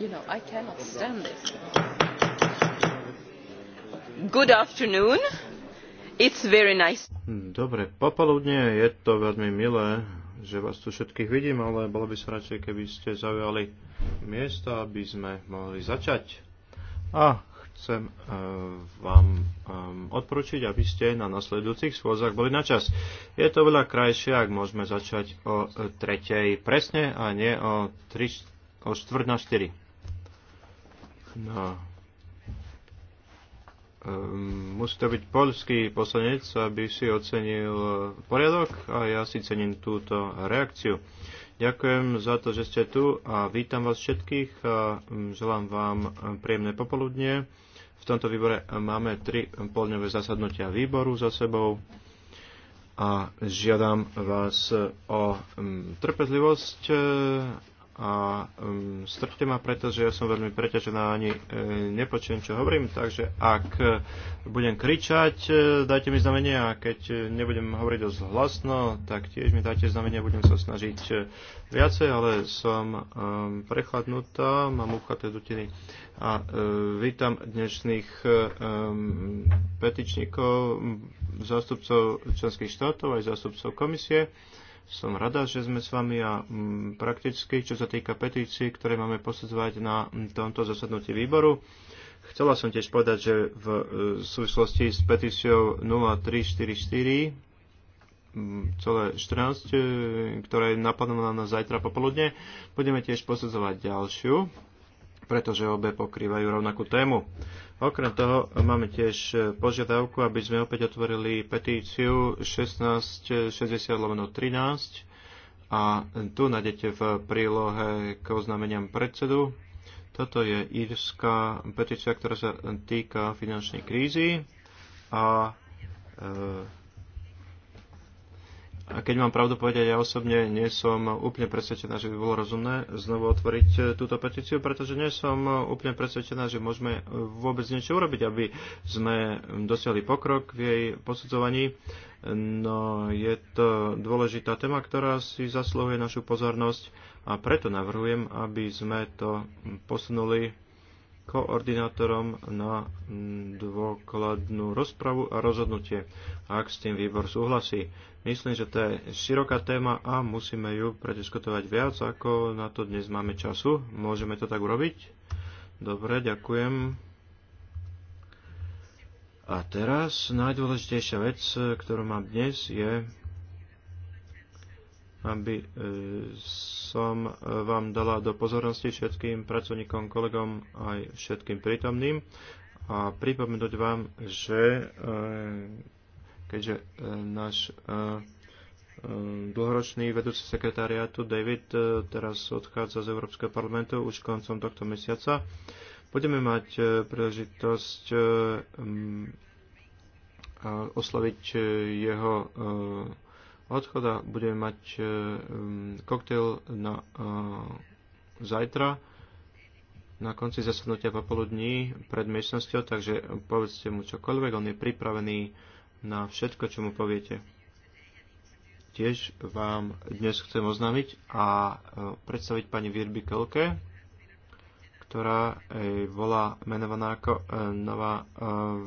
you know, I cannot stand this. Good afternoon. It's very nice. Hmm, dobre, popoludne je to veľmi milé, že vás tu všetkých vidím, ale bolo by sa radšej, keby ste zaujali miesto, aby sme mohli začať. A chcem uh, vám um, eh, odporučiť, aby ste na nasledujúcich schôzach boli na čas. Je to veľa krajšie, ak môžeme začať o eh, tretej presne a nie o, tri, o štvrt na štyri. No. Um, musí to byť polský poslanec, aby si ocenil poriadok a ja si cením túto reakciu. Ďakujem za to, že ste tu a vítam vás všetkých a mm, želám vám príjemné popoludne. V tomto výbore máme tri polňové zasadnutia výboru za sebou a žiadam vás o mm, trpezlivosť e, a um, strpte ma, pretože ja som veľmi preťažená, ani e, nepočujem, čo hovorím, takže ak e, budem kričať, e, dajte mi znamenie a keď e, nebudem hovoriť dosť hlasno, tak tiež mi dajte znamenie, budem sa snažiť e, viacej, ale som e, prechladnutá, mám uchaté dutiny a e, vítam dnešných e, um, petičníkov, zástupcov členských štátov aj zástupcov komisie. E, som rada, že sme s vami a mm, prakticky, čo sa týka petícií, ktoré máme posudzovať na mm, tomto zasadnutí výboru. Chcela som tiež povedať, že v e, súvislosti s petíciou 0344 14, mm, e, ktorá je napadnutá na zajtra popoludne, budeme tiež posudzovať ďalšiu pretože obe pokrývajú rovnakú tému. Okrem toho máme tiež požiadavku, aby sme opäť otvorili petíciu 1660 13 a tu nájdete v prílohe k oznámeniam predsedu. Toto je írska petícia, ktorá sa týka finančnej krízy a e, a keď mám pravdu povedať, ja osobne nie som úplne presvedčená, že by bolo rozumné znovu otvoriť e, túto petíciu, pretože nie som e, úplne presvedčená, že môžeme e, vôbec niečo urobiť, aby sme dosiahli pokrok v jej posudzovaní. No je to dôležitá téma, ktorá si zasluhuje našu pozornosť a preto navrhujem, aby sme to posunuli koordinátorom na dôkladnú rozpravu a rozhodnutie, ak s tým výbor súhlasí. Myslím, že to je široká téma a musíme ju prediskutovať viac, ako na to dnes máme času. Môžeme to tak urobiť? Dobre, ďakujem. A teraz najdôležitejšia vec, ktorú mám dnes, je, aby e, som e, vám dala do pozornosti všetkým pracovníkom, kolegom aj všetkým prítomným a pripomenúť vám, že e, keďže e, náš e, e, dlhoročný vedúci sekretariátu David teraz odchádza z Európskeho parlamentu už koncom tohto mesiaca. Budeme mať príležitosť osloviť jeho odchod a budeme mať koktejl na zajtra na konci zasadnutia popoludní pred miestnosťou, takže povedzte mu čokoľvek, on je pripravený na všetko, čo mu poviete. Tiež vám dnes chcem oznámiť a e, predstaviť pani Virby Kelke, ktorá bola e, menovaná ako e, nová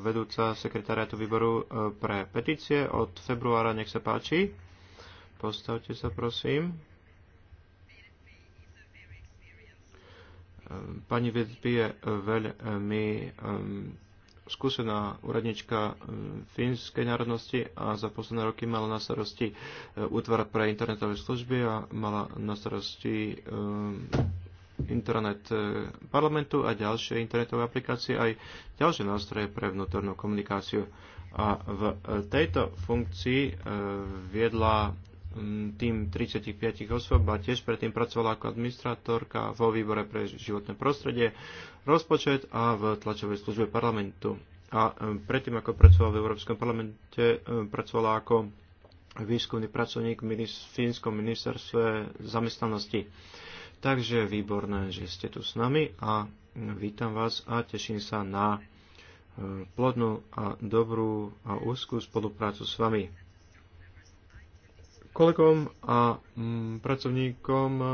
vedúca sekretariatu výboru pre petície od februára. Nech sa páči. Postavte sa, prosím. Pani Virby je veľmi skúsená úradnička e, fínskej národnosti a za posledné roky mala na starosti e, útvar pre internetové služby a mala na starosti e, internet parlamentu a ďalšie internetové aplikácie aj ďalšie nástroje pre vnútornú komunikáciu. A v tejto funkcii viedla tým 35 osôb a tiež predtým pracovala ako administratorka vo výbore pre životné prostredie, rozpočet a v tlačovej službe parlamentu. A predtým, ako pracovala v Európskom parlamente, pracovala ako výskumný pracovník v Fínskom ministerstve zamestnanosti. Takže výborné, že ste tu s nami a vítam vás a teším sa na e, plodnú a dobrú a úzkú spoluprácu s vami kolegom a mm, pracovníkom e,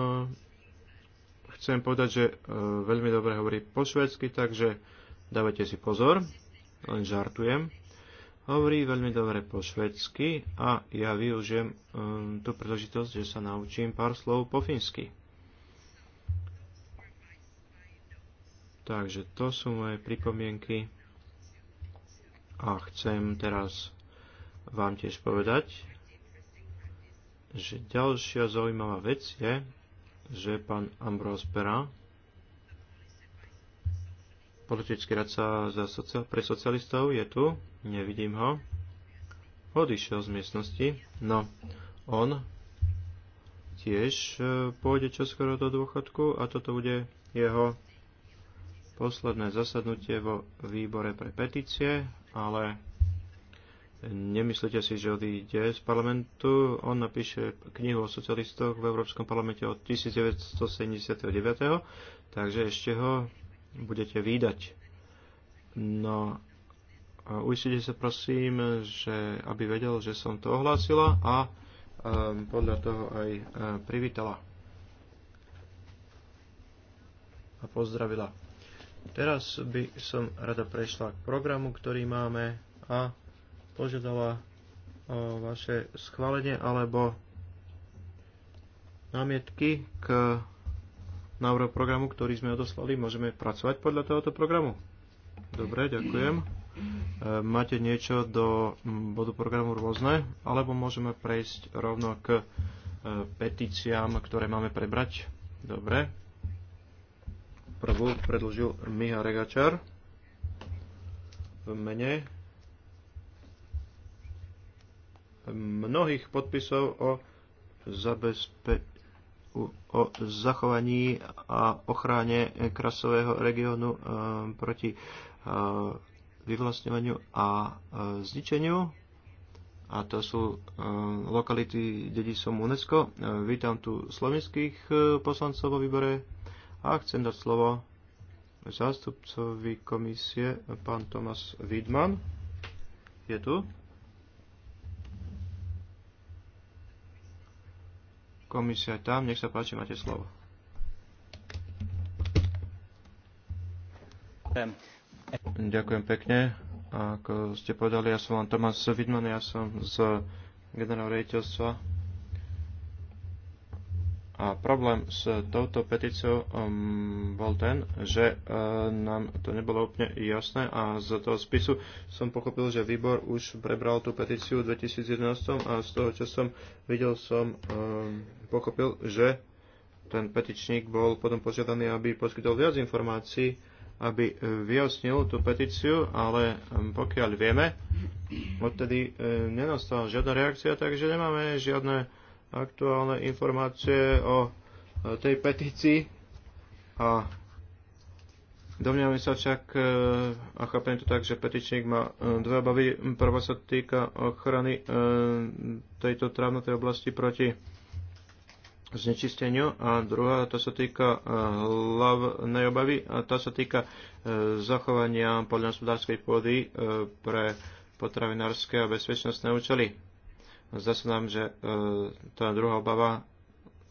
chcem povedať, že e, veľmi dobre hovorí po švedsky, takže dávajte si pozor, len žartujem. Hovorí veľmi dobre po švedsky a ja využijem e, tú príležitosť, že sa naučím pár slov po fínsky. Takže to sú moje pripomienky a chcem teraz vám tiež povedať, že ďalšia zaujímavá vec je, že pán Ambrose Pera, politický radca za socia- pre socialistov, je tu, nevidím ho, odišiel z miestnosti, no on tiež e, pôjde čoskoro do dôchodku a toto bude jeho posledné zasadnutie vo výbore pre petície, ale nemyslíte si, že odíde z parlamentu. On napíše knihu o socialistoch v Európskom parlamente od 1979, takže ešte ho budete výdať. No, ujistite sa prosím, že aby vedel, že som to ohlásila a um, podľa toho aj um, privítala a pozdravila. Teraz by som rada prešla k programu, ktorý máme a požiadala o vaše schválenie alebo námietky k návrhu programu, ktorý sme odoslali. Môžeme pracovať podľa tohoto programu? Dobre, ďakujem. E, máte niečo do bodu programu rôzne, alebo môžeme prejsť rovno k e, petíciám, ktoré máme prebrať? Dobre. Prvú predložil Miha Regačar v mene mnohých podpisov o, zabezpe- o zachovaní a ochrane krasového regiónu e, proti e, vyvlastňovaniu a e, zničeniu. A to sú lokality dedisom UNESCO. Vítam tu slovenských poslancov vo výbore a chcem dať slovo zástupcovi komisie, pán Tomas Widman. Je tu? Komisia tam, nech sa páči, máte slovo. Ďakujem pekne. Ako ste povedali, ja som Tomáš Vidman, ja som z generálneho rejiteľstva a problém s touto petíciou um, bol ten, že uh, nám to nebolo úplne jasné a z toho spisu som pochopil, že výbor už prebral tú petíciu v 2011 a z toho, čo som videl, som um, pochopil, že ten petičník bol potom požiadaný, aby poskytol viac informácií, aby uh, vyjasnil tú petíciu, ale um, pokiaľ vieme, odtedy um, nenastala žiadna reakcia, takže nemáme žiadne aktuálne informácie o e, tej petícii a domňujem sa však, e, a chápem to tak, že petičník má e, dve obavy. Prvá sa týka ochrany tejto trávnatej oblasti proti znečisteniu a druhá to sa týka hlavnej obavy a tá sa týka zachovania poľnohospodárskej pôdy pre potravinárske a bezpečnostné účely. Zdá sa nám, že e, tá druhá obava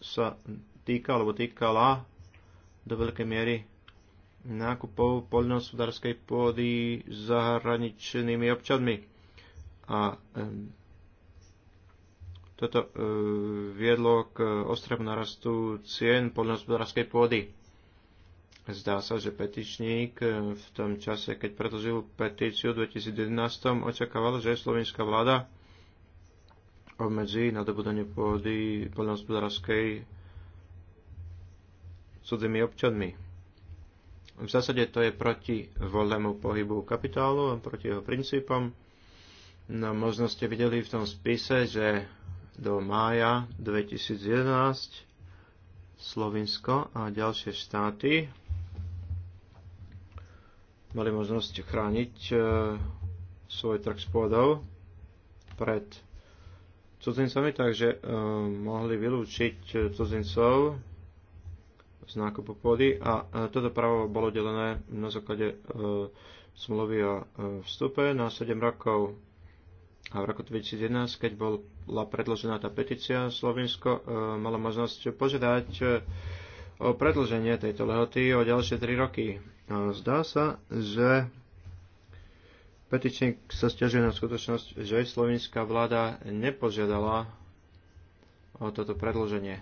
sa týka alebo týkala do veľkej miery nákupov poľnohospodárskej pôdy zahraničnými občanmi. A e, toto e, viedlo k ostrému narastu cien poľnohospodárskej pôdy. Zdá sa, že petičník v tom čase, keď predložil petíciu v 2011, očakával, že slovenská vláda obmedzí dobudanie pôdy poľnohospodárskej cudzými občanmi. V zásade to je proti voľnému pohybu kapitálu a proti jeho princípom. No možno ste videli v tom spise, že do mája 2011 Slovinsko a ďalšie štáty mali možnosť chrániť eh, svoj trh s pôdou pred cudzincami, takže eh, mohli vylúčiť eh, cudzincov z nákupu pôdy a eh, toto právo bolo delené na základe smluvy o vstupe na 7 rokov. A v roku 2011, keď bola predložená tá petícia, Slovinsko malo možnosť požiadať o predlženie tejto lehoty o ďalšie 3 roky. Zdá sa, že Petičník sa stiažuje na skutočnosť, že slovinská vláda nepožiadala o toto predloženie.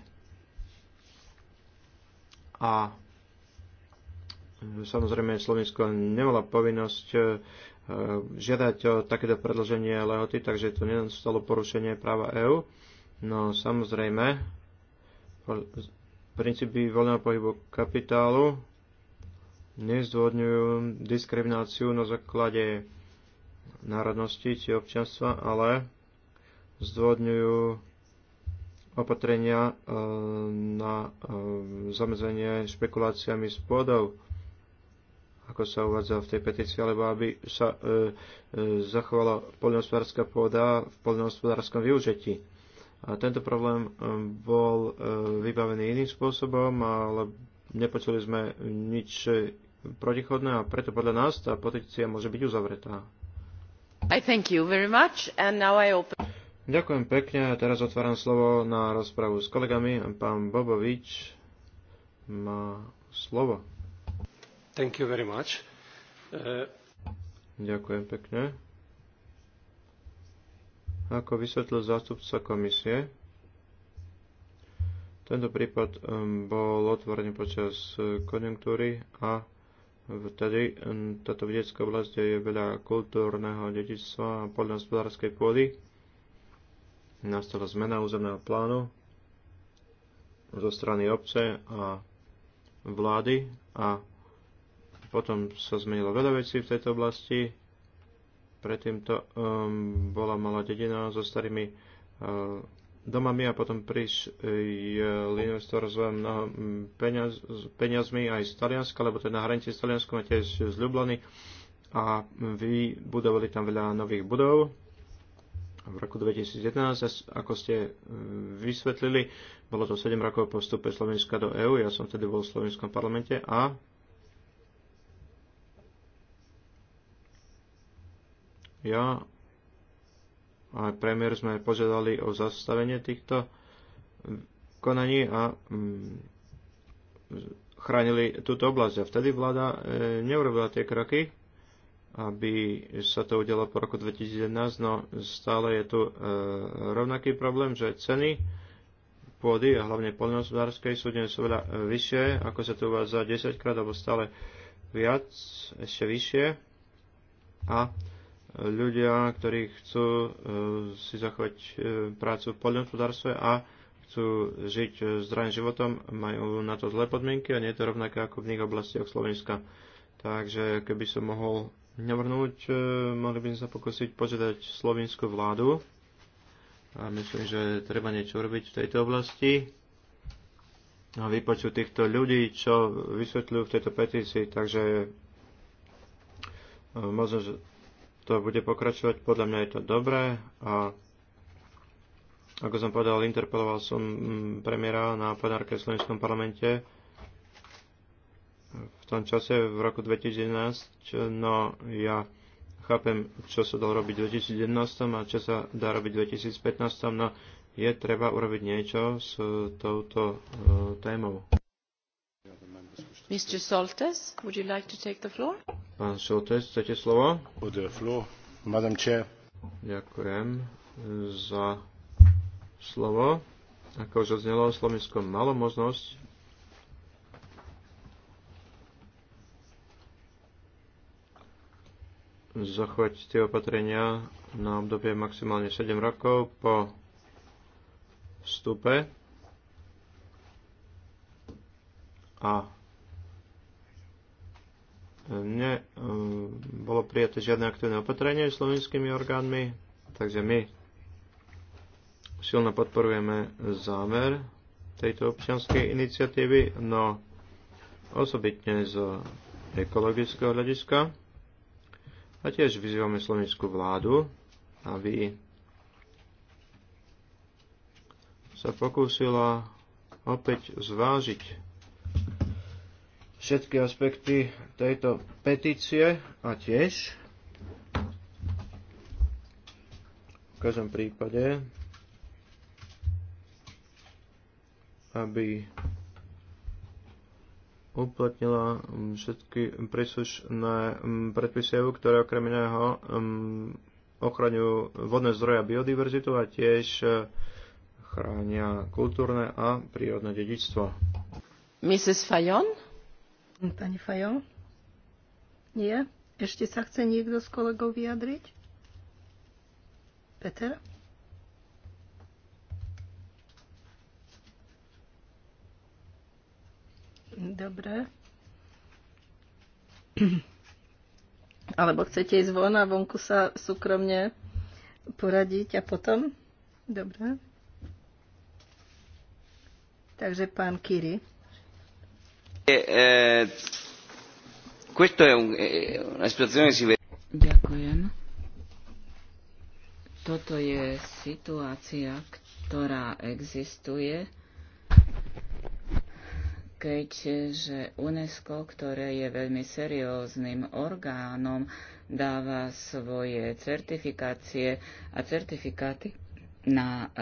A samozrejme Slovensko nemala povinnosť e, žiadať o takéto predloženie lehoty, takže to nenastalo porušenie práva EÚ. No samozrejme, princípy voľného pohybu kapitálu nezdôvodňujú diskrimináciu na základe národnosti či občanstva, ale zdôvodňujú opatrenia e, na e, zamedzenie špekuláciami s pôdou, ako sa uvádza v tej petícii, alebo aby sa e, zachovala poľnohospodárska pôda v poľnohospodárskom využití. A tento problém bol vybavený iným spôsobom, ale nepočuli sme nič protichodné a preto podľa nás tá petícia môže byť uzavretá. Ďakujem pekne a teraz otváram slovo na rozpravu s kolegami. Pán Bobovič má slovo. Thank you very much. Uh... Ďakujem pekne. Ako vysvetlil zástupca komisie, tento prípad um, bol otvorený počas konjunktúry a Vtedy táto vedecká oblasť je veľa kultúrneho dedičstva a poľnohospodárskej pôdy. Nastala zmena územného plánu zo strany obce a vlády a potom sa zmenilo veľa vecí v tejto oblasti. Predtým to um, bola malá dedina so starými uh, domami a potom prišli e, investor s rozvoja mnoho peniaz, peniazmi aj z Talianska, lebo to je na hranici s Talianskom a tiež z Ljubljany a vybudovali tam veľa nových budov. V roku 2011, ako ste e, vysvetlili, bolo to 7 rokov po vstupe Slovenska do EÚ, ja som vtedy bol v slovenskom parlamente a ja ale premiér sme požiadali o zastavenie týchto konaní a mm, chránili túto oblasť. A vtedy vláda e, neurobila tie kroky, aby sa to udialo po roku 2011, no stále je tu e, rovnaký problém, že ceny pôdy a hlavne poľnohospodárskej sú dnes oveľa e, vyššie, ako sa tu uvádza 10 krát alebo stále viac, ešte vyššie. A ľudia, ktorí chcú eh, si zachovať eh, prácu v poľnohospodárstve a chcú žiť eh, zdravým životom, majú na to zlé podmienky a nie je to rovnaké ako v iných oblastiach Slovenska. Takže keby som mohol navrhnúť, mohli by sme sa pokúsiť požiadať slovenskú vládu a myslím, že treba niečo urobiť v tejto oblasti a vypočuť týchto ľudí, čo vysvetľujú v tejto petícii, takže možno, že to bude pokračovať. Podľa mňa je to dobré a ako som povedal, interpeloval som mm, premiéra na plenárke v Slovenskom parlamente v tom čase v roku 2011, no ja chápem, čo sa dalo robiť v 2011 a čo sa dá robiť v 2015, no je treba urobiť niečo s touto e, témou. Mr. Soltes, would you like to take the floor? Pán Soltes, chcete slovo? The floor, Madam Chair. Ďakujem e, za slovo. Ako už odznelo, Slovensko malo možnosť zachovať tie opatrenia na obdobie maximálne 7 rokov po vstupe a ne e, bolo prijaté žiadne aktívne opatrenie slovenskými orgánmi, takže my silno podporujeme zámer tejto občianskej iniciatívy, no osobitne z ekologického hľadiska. A tiež vyzývame slovenskú vládu, aby sa pokúsila opäť zvážiť všetky aspekty tejto petície a tiež v každom prípade, aby uplatnila mm, všetky príslušné mm, predpisy EU, ktoré okrem iného mm, ochraňujú vodné zdroje a biodiverzitu a tiež e, chránia kultúrne a prírodné dedičstvo. Mrs. Fajon? Pani Fajo? Nie? Ešte sa chce niekto z kolegov vyjadriť? Peter? Dobre. Alebo chcete ísť von a vonku sa súkromne poradiť a potom? Dobre. Takže pán Kiri. E, e, Ďakujem. Toto je situácia, ktorá existuje, keďže UNESCO, ktoré je veľmi serióznym orgánom, dáva svoje certifikácie a certifikáty na e,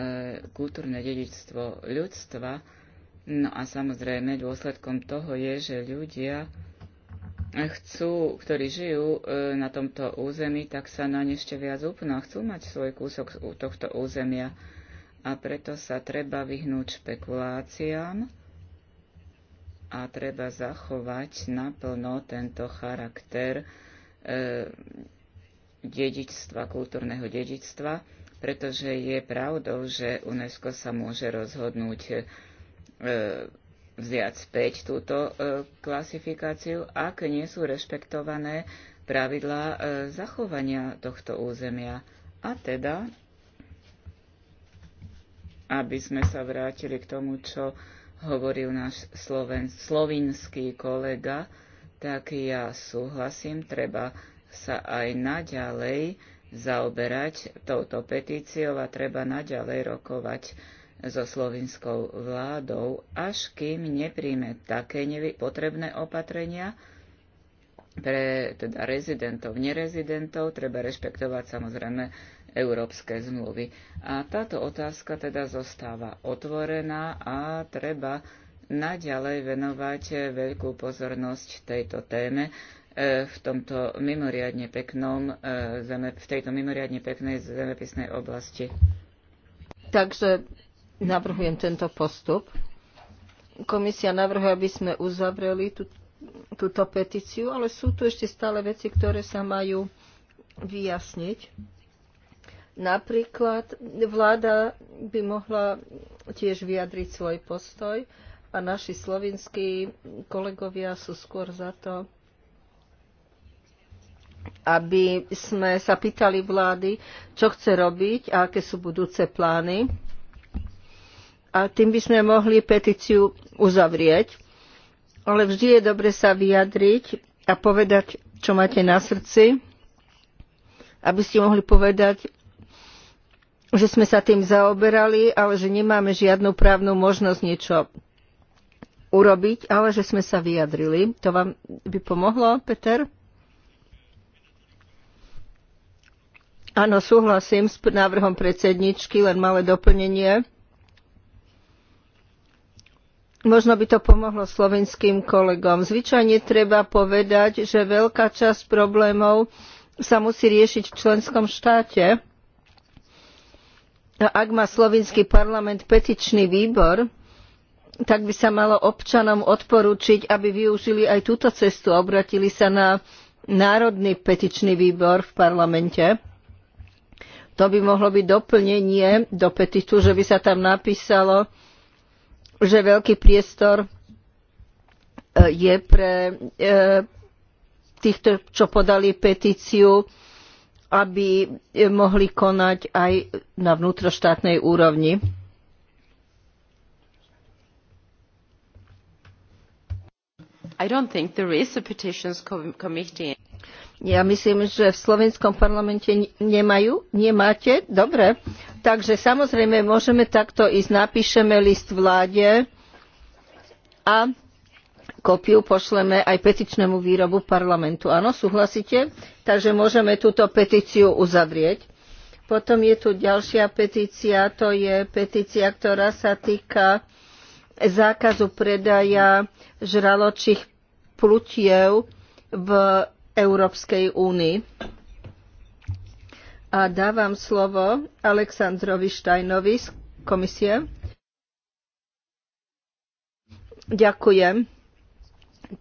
kultúrne dedičstvo ľudstva, No a samozrejme dôsledkom toho je, že ľudia chcú, ktorí žijú e, na tomto území, tak sa na ne ešte viac upnú a chcú mať svoj kúsok tohto územia. A preto sa treba vyhnúť špekuláciám a treba zachovať naplno tento charakter e, dedičstva, kultúrneho dedičstva, pretože je pravdou, že UNESCO sa môže rozhodnúť E, vziať späť túto e, klasifikáciu, ak nie sú rešpektované pravidlá e, zachovania tohto územia. A teda, aby sme sa vrátili k tomu, čo hovoril náš sloven, slovinský kolega, tak ja súhlasím, treba sa aj naďalej zaoberať touto petíciou a treba naďalej rokovať so slovinskou vládou, až kým nepríjme také potrebné opatrenia pre teda rezidentov, nerezidentov, treba rešpektovať samozrejme európske zmluvy. A táto otázka teda zostáva otvorená a treba naďalej venovať veľkú pozornosť tejto téme, e, v tomto mimoriadne peknom, e, v tejto mimoriadne peknej zemepisnej oblasti. Takže navrhujem tento postup. Komisia navrhuje, aby sme uzavreli tú, túto petíciu, ale sú tu ešte stále veci, ktoré sa majú vyjasniť. Napríklad vláda by mohla tiež vyjadriť svoj postoj a naši slovinskí kolegovia sú skôr za to, aby sme sa pýtali vlády, čo chce robiť a aké sú budúce plány a tým by sme mohli petíciu uzavrieť. Ale vždy je dobre sa vyjadriť a povedať, čo máte na srdci, aby ste mohli povedať, že sme sa tým zaoberali, ale že nemáme žiadnu právnu možnosť niečo urobiť, ale že sme sa vyjadrili. To vám by pomohlo, Peter? Áno, súhlasím s návrhom predsedničky, len malé doplnenie Možno by to pomohlo slovenským kolegom. Zvyčajne treba povedať, že veľká časť problémov sa musí riešiť v členskom štáte. A ak má slovinský parlament petičný výbor, tak by sa malo občanom odporúčiť, aby využili aj túto cestu a obratili sa na Národný petičný výbor v parlamente. To by mohlo byť doplnenie do petitu, že by sa tam napísalo, že veľký priestor e, je pre e, týchto, čo podali petíciu, aby e, mohli konať aj na vnútroštátnej úrovni. I don't think there is a petitions committee. Ja myslím, že v slovenskom parlamente nemajú, nemáte. Dobre, takže samozrejme môžeme takto ísť, napíšeme list vláde a kopiu pošleme aj petičnému výrobu parlamentu. Áno, súhlasíte? Takže môžeme túto petíciu uzavrieť. Potom je tu ďalšia petícia, to je petícia, ktorá sa týka zákazu predaja žraločích plutiev v Európskej únii. A dávam slovo Aleksandrovi Štajnovi z komisie. Ďakujem.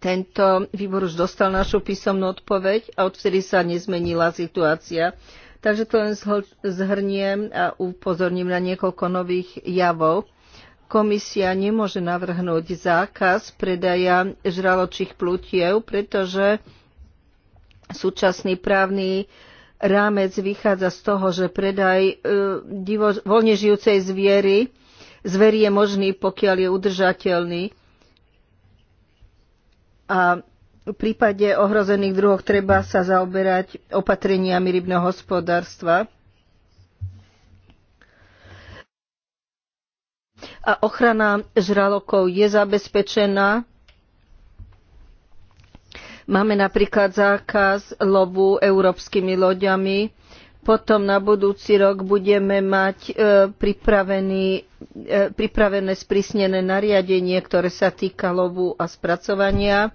Tento výbor už dostal našu písomnú odpoveď a odvtedy sa nezmenila situácia. Takže to len zhrniem a upozorním na niekoľko nových javov komisia nemôže navrhnúť zákaz predaja žraločích plutiev, pretože Súčasný právny rámec vychádza z toho, že predaj e, divo, voľne žijúcej zviery, zvery je možný, pokiaľ je udržateľný. A v prípade ohrozených druhov treba sa zaoberať opatreniami rybného hospodárstva. A ochrana žralokov je zabezpečená Máme napríklad zákaz lovu európskymi loďami. Potom na budúci rok budeme mať e, pripravený, e, pripravené sprísnené nariadenie, ktoré sa týka lovu a spracovania.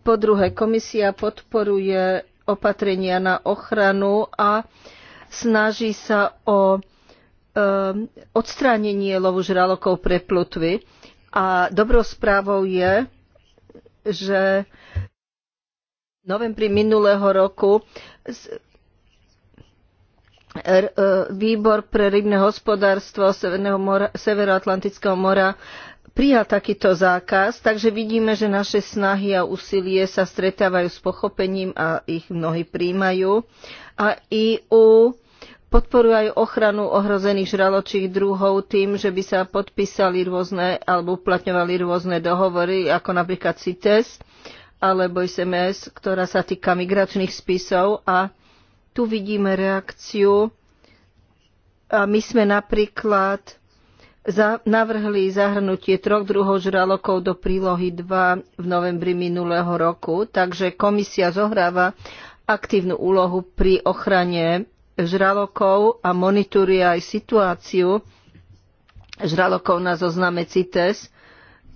Po druhé, komisia podporuje opatrenia na ochranu a snaží sa o e, odstránenie lovu žralokov pre plutvy. A dobrou správou je, že v novembri minulého roku e, výbor pre rybné hospodárstvo mora, Severoatlantického mora prijal takýto zákaz, takže vidíme, že naše snahy a úsilie sa stretávajú s pochopením a ich mnohí príjmajú. A i u podporujú aj ochranu ohrozených žraločích druhov tým, že by sa podpísali rôzne alebo uplatňovali rôzne dohovory, ako napríklad CITES alebo SMS, ktorá sa týka migračných spisov a tu vidíme reakciu a my sme napríklad za, navrhli zahrnutie troch druhov žralokov do prílohy 2 v novembri minulého roku, takže komisia zohráva aktívnu úlohu pri ochrane žralokov a monitoruje aj situáciu žralokov na zozname CITES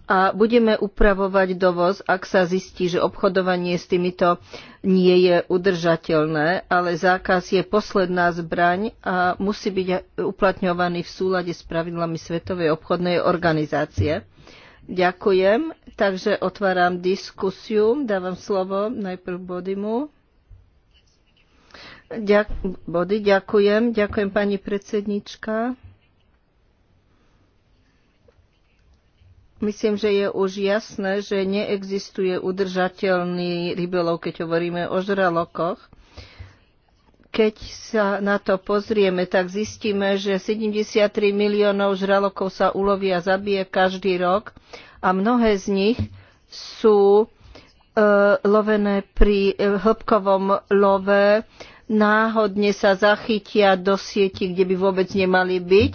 a budeme upravovať dovoz, ak sa zistí, že obchodovanie s týmito nie je udržateľné, ale zákaz je posledná zbraň a musí byť uplatňovaný v súlade s pravidlami Svetovej obchodnej organizácie. Ďakujem, takže otváram diskusiu, dávam slovo najprv Bodimu. Ďak, body, ďakujem. Ďakujem pani predsednička. Myslím, že je už jasné, že neexistuje udržateľný rybolov, keď hovoríme o žralokoch. Keď sa na to pozrieme, tak zistíme, že 73 miliónov žralokov sa ulovia a zabije každý rok a mnohé z nich sú e, lovené pri e, hĺbkovom love náhodne sa zachytia do sieti, kde by vôbec nemali byť.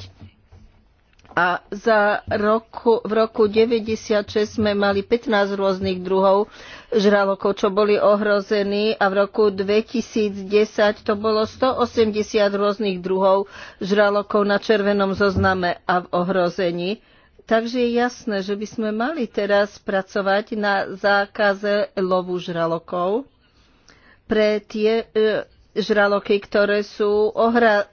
A za roku, v roku 96 sme mali 15 rôznych druhov žralokov, čo boli ohrození a v roku 2010 to bolo 180 rôznych druhov žralokov na červenom zozname a v ohrození. Takže je jasné, že by sme mali teraz pracovať na zákaze lovu žralokov pre tie e, žraloky, ktoré sú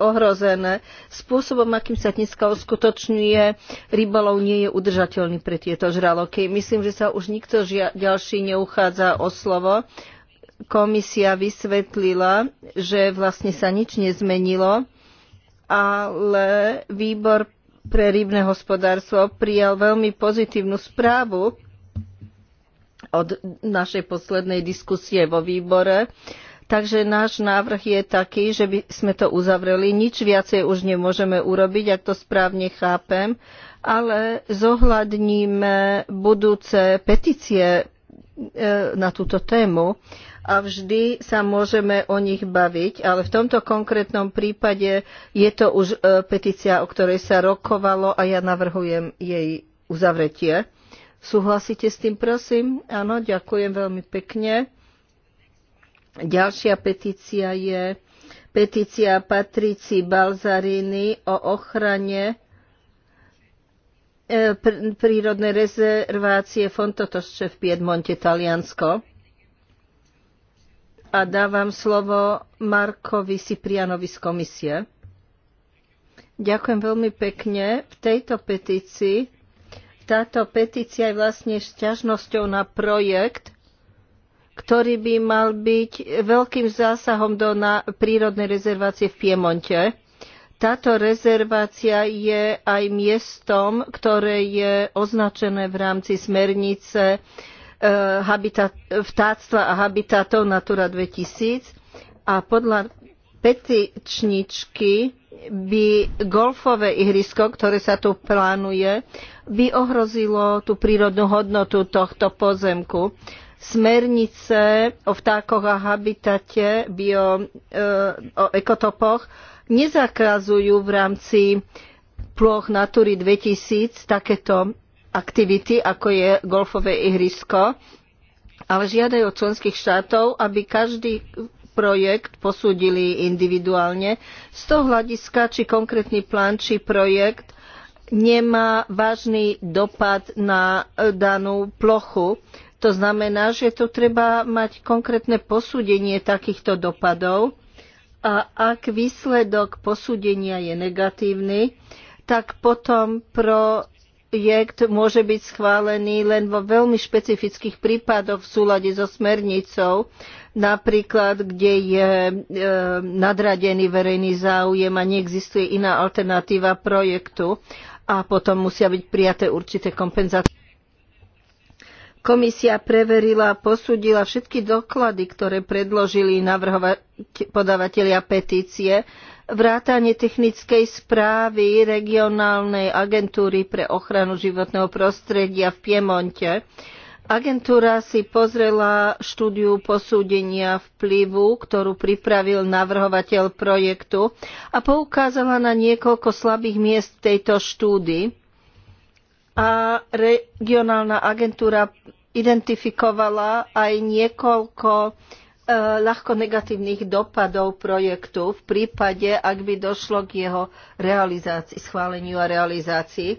ohrozené. Spôsobom, akým sa dneska uskutočňuje rybolov, nie je udržateľný pre tieto žraloky. Myslím, že sa už nikto žia- ďalší neuchádza o slovo. Komisia vysvetlila, že vlastne sa nič nezmenilo, ale výbor pre rybné hospodárstvo prijal veľmi pozitívnu správu od našej poslednej diskusie vo výbore Takže náš návrh je taký, že by sme to uzavreli. Nič viacej už nemôžeme urobiť, ak to správne chápem, ale zohľadníme budúce petície e, na túto tému a vždy sa môžeme o nich baviť, ale v tomto konkrétnom prípade je to už e, petícia, o ktorej sa rokovalo a ja navrhujem jej uzavretie. Súhlasíte s tým, prosím? Áno, ďakujem veľmi pekne. Ďalšia petícia je petícia Patrici Balzarini o ochrane e, prírodnej rezervácie Fontotosče v Piedmonte, Taliansko. A dávam slovo Markovi Siprianovi z komisie. Ďakujem veľmi pekne. V tejto petícii, táto petícia je vlastne šťažnosťou na projekt, ktorý by mal byť veľkým zásahom do na, prírodnej rezervácie v Piemonte. Táto rezervácia je aj miestom, ktoré je označené v rámci smernice e, eh, habitat, vtáctva a habitatov Natura 2000 a podľa petičničky by golfové ihrisko, ktoré sa tu plánuje, by ohrozilo tú prírodnú hodnotu tohto pozemku smernice o vtákoch a habitate, bio, e, o ekotopoch nezakazujú v rámci ploch Natury 2000 takéto aktivity, ako je golfové ihrisko, ale žiadajú od členských štátov, aby každý projekt posúdili individuálne z toho hľadiska, či konkrétny plán, či projekt nemá vážny dopad na e, danú plochu. To znamená, že tu treba mať konkrétne posúdenie takýchto dopadov a ak výsledok posúdenia je negatívny, tak potom pro projekt môže byť schválený len vo veľmi špecifických prípadoch v súlade so smernicou, napríklad, kde je e, nadradený verejný záujem a neexistuje iná alternatíva projektu a potom musia byť prijaté určité kompenzácie. Komisia preverila a posúdila všetky doklady, ktoré predložili podávateľia petície, vrátanie technickej správy regionálnej agentúry pre ochranu životného prostredia v Piemonte. Agentúra si pozrela štúdiu posúdenia vplyvu, ktorú pripravil navrhovateľ projektu a poukázala na niekoľko slabých miest v tejto štúdii a regionálna agentúra identifikovala aj niekoľko e, ľahko negatívnych dopadov projektu v prípade, ak by došlo k jeho realizácii, schváleniu a realizácii.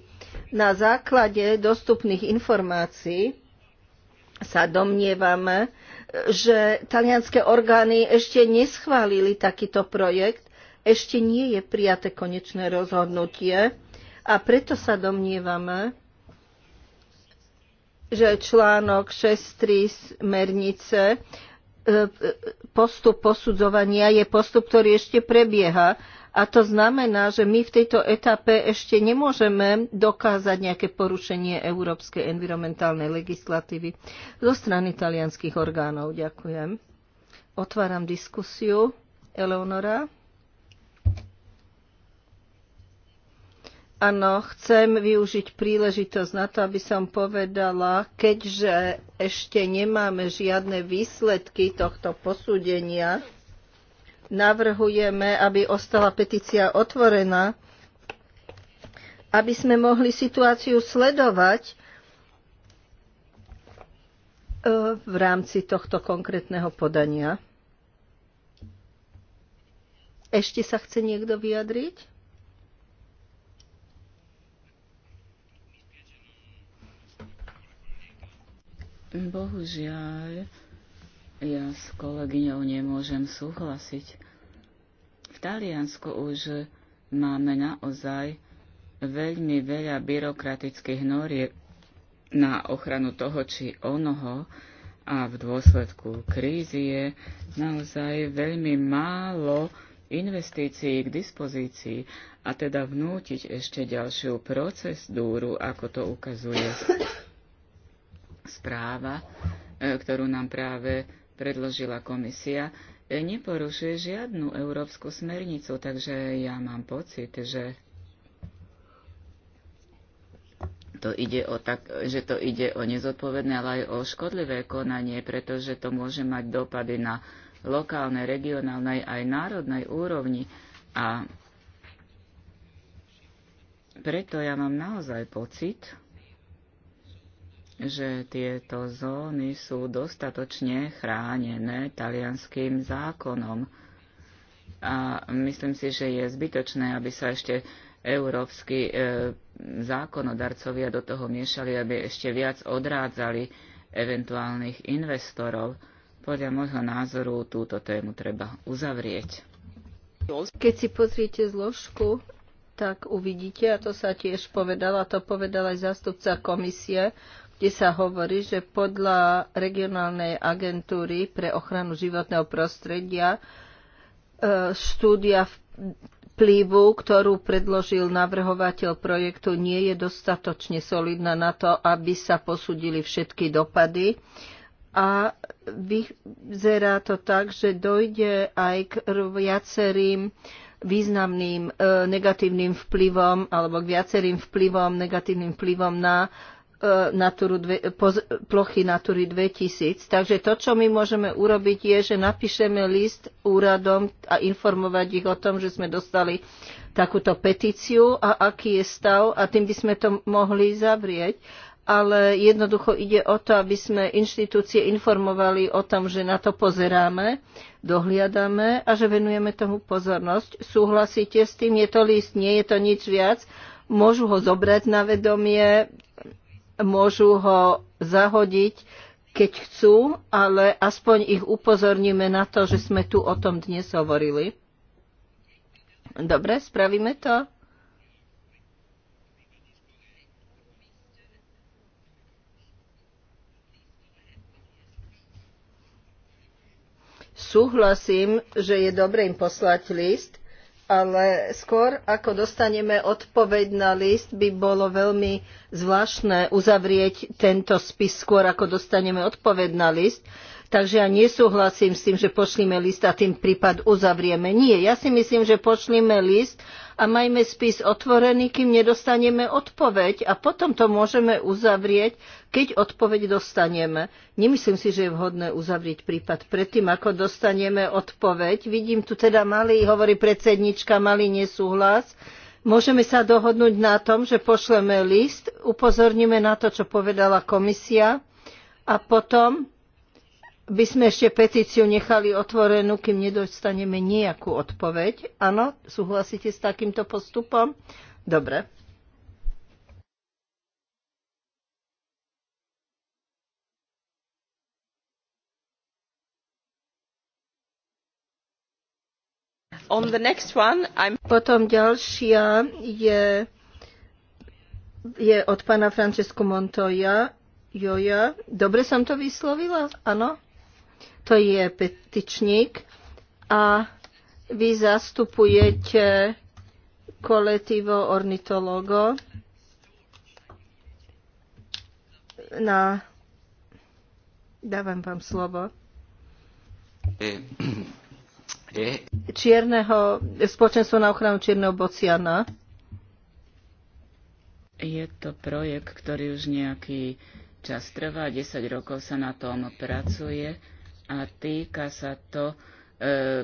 Na základe dostupných informácií sa domnievame, že talianské orgány ešte neschválili takýto projekt, ešte nie je prijaté konečné rozhodnutie a preto sa domnievame, že článok 6.3 smernice e, postup posudzovania je postup, ktorý ešte prebieha. A to znamená, že my v tejto etape ešte nemôžeme dokázať nejaké porušenie európskej environmentálnej legislatívy zo strany talianských orgánov. Ďakujem. Otváram diskusiu. Eleonora. Áno, chcem využiť príležitosť na to, aby som povedala, keďže ešte nemáme žiadne výsledky tohto posúdenia, navrhujeme, aby ostala petícia otvorená, aby sme mohli situáciu sledovať e, v rámci tohto konkrétneho podania. Ešte sa chce niekto vyjadriť? Bohužiaľ, ja s kolegyňou nemôžem súhlasiť. V Taliansku už máme naozaj veľmi veľa byrokratických noriek na ochranu toho či onoho a v dôsledku krízy je naozaj veľmi málo investícií k dispozícii a teda vnútiť ešte ďalšiu procesdúru, ako to ukazuje správa, e, ktorú nám práve predložila komisia, e, neporušuje žiadnu európsku smernicu, takže ja mám pocit, že to ide o tak, že to ide o nezodpovedné, ale aj o škodlivé konanie, pretože to môže mať dopady na lokálnej, regionálnej aj národnej úrovni. A preto ja mám naozaj pocit, že tieto zóny sú dostatočne chránené talianským zákonom. A myslím si, že je zbytočné, aby sa ešte európsky e, zákonodarcovia do toho miešali, aby ešte viac odrádzali eventuálnych investorov. Podľa môjho názoru túto tému treba uzavrieť. Keď si pozriete zložku, tak uvidíte, a to sa tiež povedala, to povedal aj zástupca komisie, kde sa hovorí, že podľa regionálnej agentúry pre ochranu životného prostredia e, štúdia vplyvu, ktorú predložil navrhovateľ projektu, nie je dostatočne solidná na to, aby sa posudili všetky dopady. A vyzerá to tak, že dojde aj k viacerým významným e, negatívnym vplyvom alebo k viacerým vplyvom, negatívnym vplyvom na E, Naturu, plochy Natury 2000. Takže to, čo my môžeme urobiť, je, že napíšeme list úradom a informovať ich o tom, že sme dostali takúto petíciu a aký je stav a tým by sme to mohli zavrieť. Ale jednoducho ide o to, aby sme inštitúcie informovali o tom, že na to pozeráme, dohliadame a že venujeme tomu pozornosť. Súhlasíte s tým? Je to list, nie je to nič viac môžu ho zobrať na vedomie, môžu ho zahodiť, keď chcú, ale aspoň ich upozorníme na to, že sme tu o tom dnes hovorili. Dobre, spravíme to? súhlasím, že je dobre im poslať list, ale skôr ako dostaneme odpoveď na list, by bolo veľmi zvláštne uzavrieť tento spis skôr ako dostaneme odpoveď na list, Takže ja nesúhlasím s tým, že pošlíme list a tým prípad uzavrieme. Nie, ja si myslím, že pošlíme list a majme spis otvorený, kým nedostaneme odpoveď a potom to môžeme uzavrieť, keď odpoveď dostaneme. Nemyslím si, že je vhodné uzavrieť prípad predtým, ako dostaneme odpoveď. Vidím tu teda malý, hovorí predsednička, malý nesúhlas. Môžeme sa dohodnúť na tom, že pošleme list, upozorníme na to, čo povedala komisia a potom by sme ešte petíciu nechali otvorenú, kým nedostaneme nejakú odpoveď. Áno, súhlasíte s takýmto postupom? Dobre. On the next one, I'm... Potom ďalšia je, je od pána Francesco Montoya. Joja. Dobre som to vyslovila? Áno? to je petičník a vy zastupujete kolektívo ornitologo na dávam vám slovo čierneho, spoločenstvo na ochranu čierneho bociana. Je to projekt, ktorý už nejaký čas trvá, 10 rokov sa na tom pracuje a týka sa to e,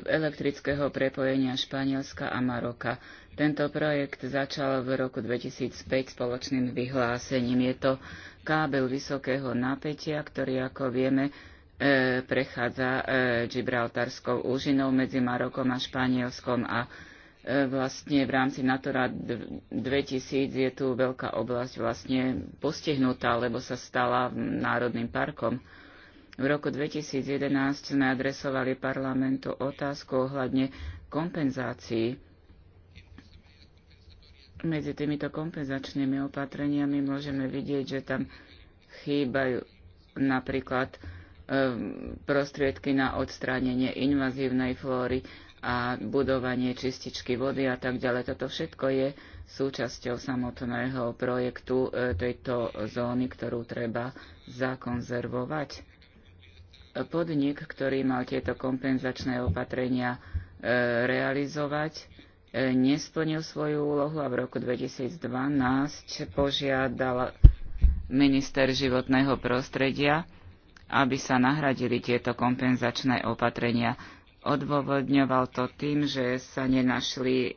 elektrického prepojenia Španielska a Maroka. Tento projekt začal v roku 2005 spoločným vyhlásením. Je to kábel vysokého napätia, ktorý, ako vieme, e, prechádza e, Gibraltarskou úžinou medzi Marokom a Španielskom a vlastne v rámci Natura 2000 je tu veľká oblasť vlastne postihnutá, lebo sa stala národným parkom. V roku 2011 sme adresovali parlamentu otázku ohľadne kompenzácií. Medzi týmito kompenzačnými opatreniami môžeme vidieť, že tam chýbajú napríklad ehm, prostriedky na odstránenie invazívnej flóry a budovanie čističky vody a tak ďalej. Toto všetko je súčasťou samotného projektu e, tejto zóny, ktorú treba zakonzervovať podnik, ktorý mal tieto kompenzačné opatrenia e, realizovať, e, nesplnil svoju úlohu a v roku 2012 požiadal minister životného prostredia, aby sa nahradili tieto kompenzačné opatrenia. Odôvodňoval to tým, že sa nenašli e,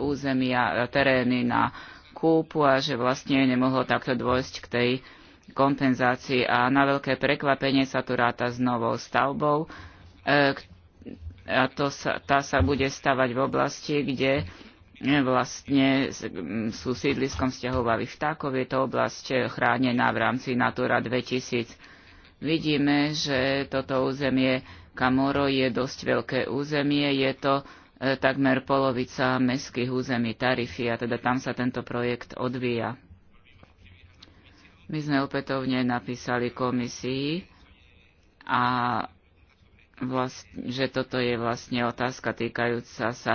územia, terény na kúpu a že vlastne nemohlo takto dôjsť k tej kompenzácií a na veľké prekvapenie sa tu ráta s novou stavbou e, a to sa, tá sa bude stavať v oblasti, kde e, vlastne sú sídliskom stiahovavých vtákov. Je to oblasť e, chránená v rámci Natura 2000. Vidíme, že toto územie Kamoro je dosť veľké územie. Je to takmer polovica mestských území Tarify a teda tam sa tento projekt odvíja. My sme opätovne napísali komisii, a vlast, že toto je vlastne otázka týkajúca sa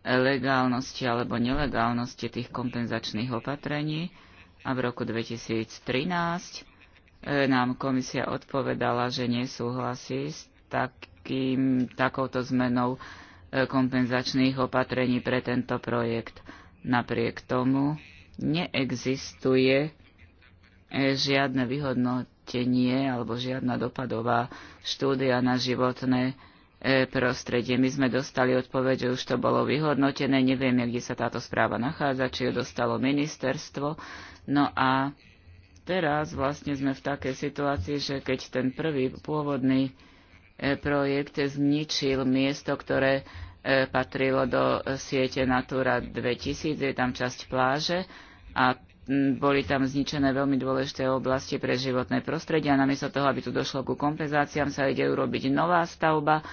legálnosti alebo nelegálnosti tých kompenzačných opatrení. A v roku 2013 e, nám komisia odpovedala, že nesúhlasí s takým, takouto zmenou e, kompenzačných opatrení pre tento projekt. Napriek tomu neexistuje E, žiadne vyhodnotenie alebo žiadna dopadová štúdia na životné e, prostredie. My sme dostali odpoveď, že už to bolo vyhodnotené, nevieme, kde sa táto správa nachádza, či ju dostalo ministerstvo. No a teraz vlastne sme v takej situácii, že keď ten prvý pôvodný e, projekt zničil miesto, ktoré patrilo do siete Natura 2000, je tam časť pláže a boli tam zničené veľmi dôležité oblasti pre životné prostredie a namiesto toho, aby tu došlo ku kompenzáciám, sa ide urobiť nová stavba e,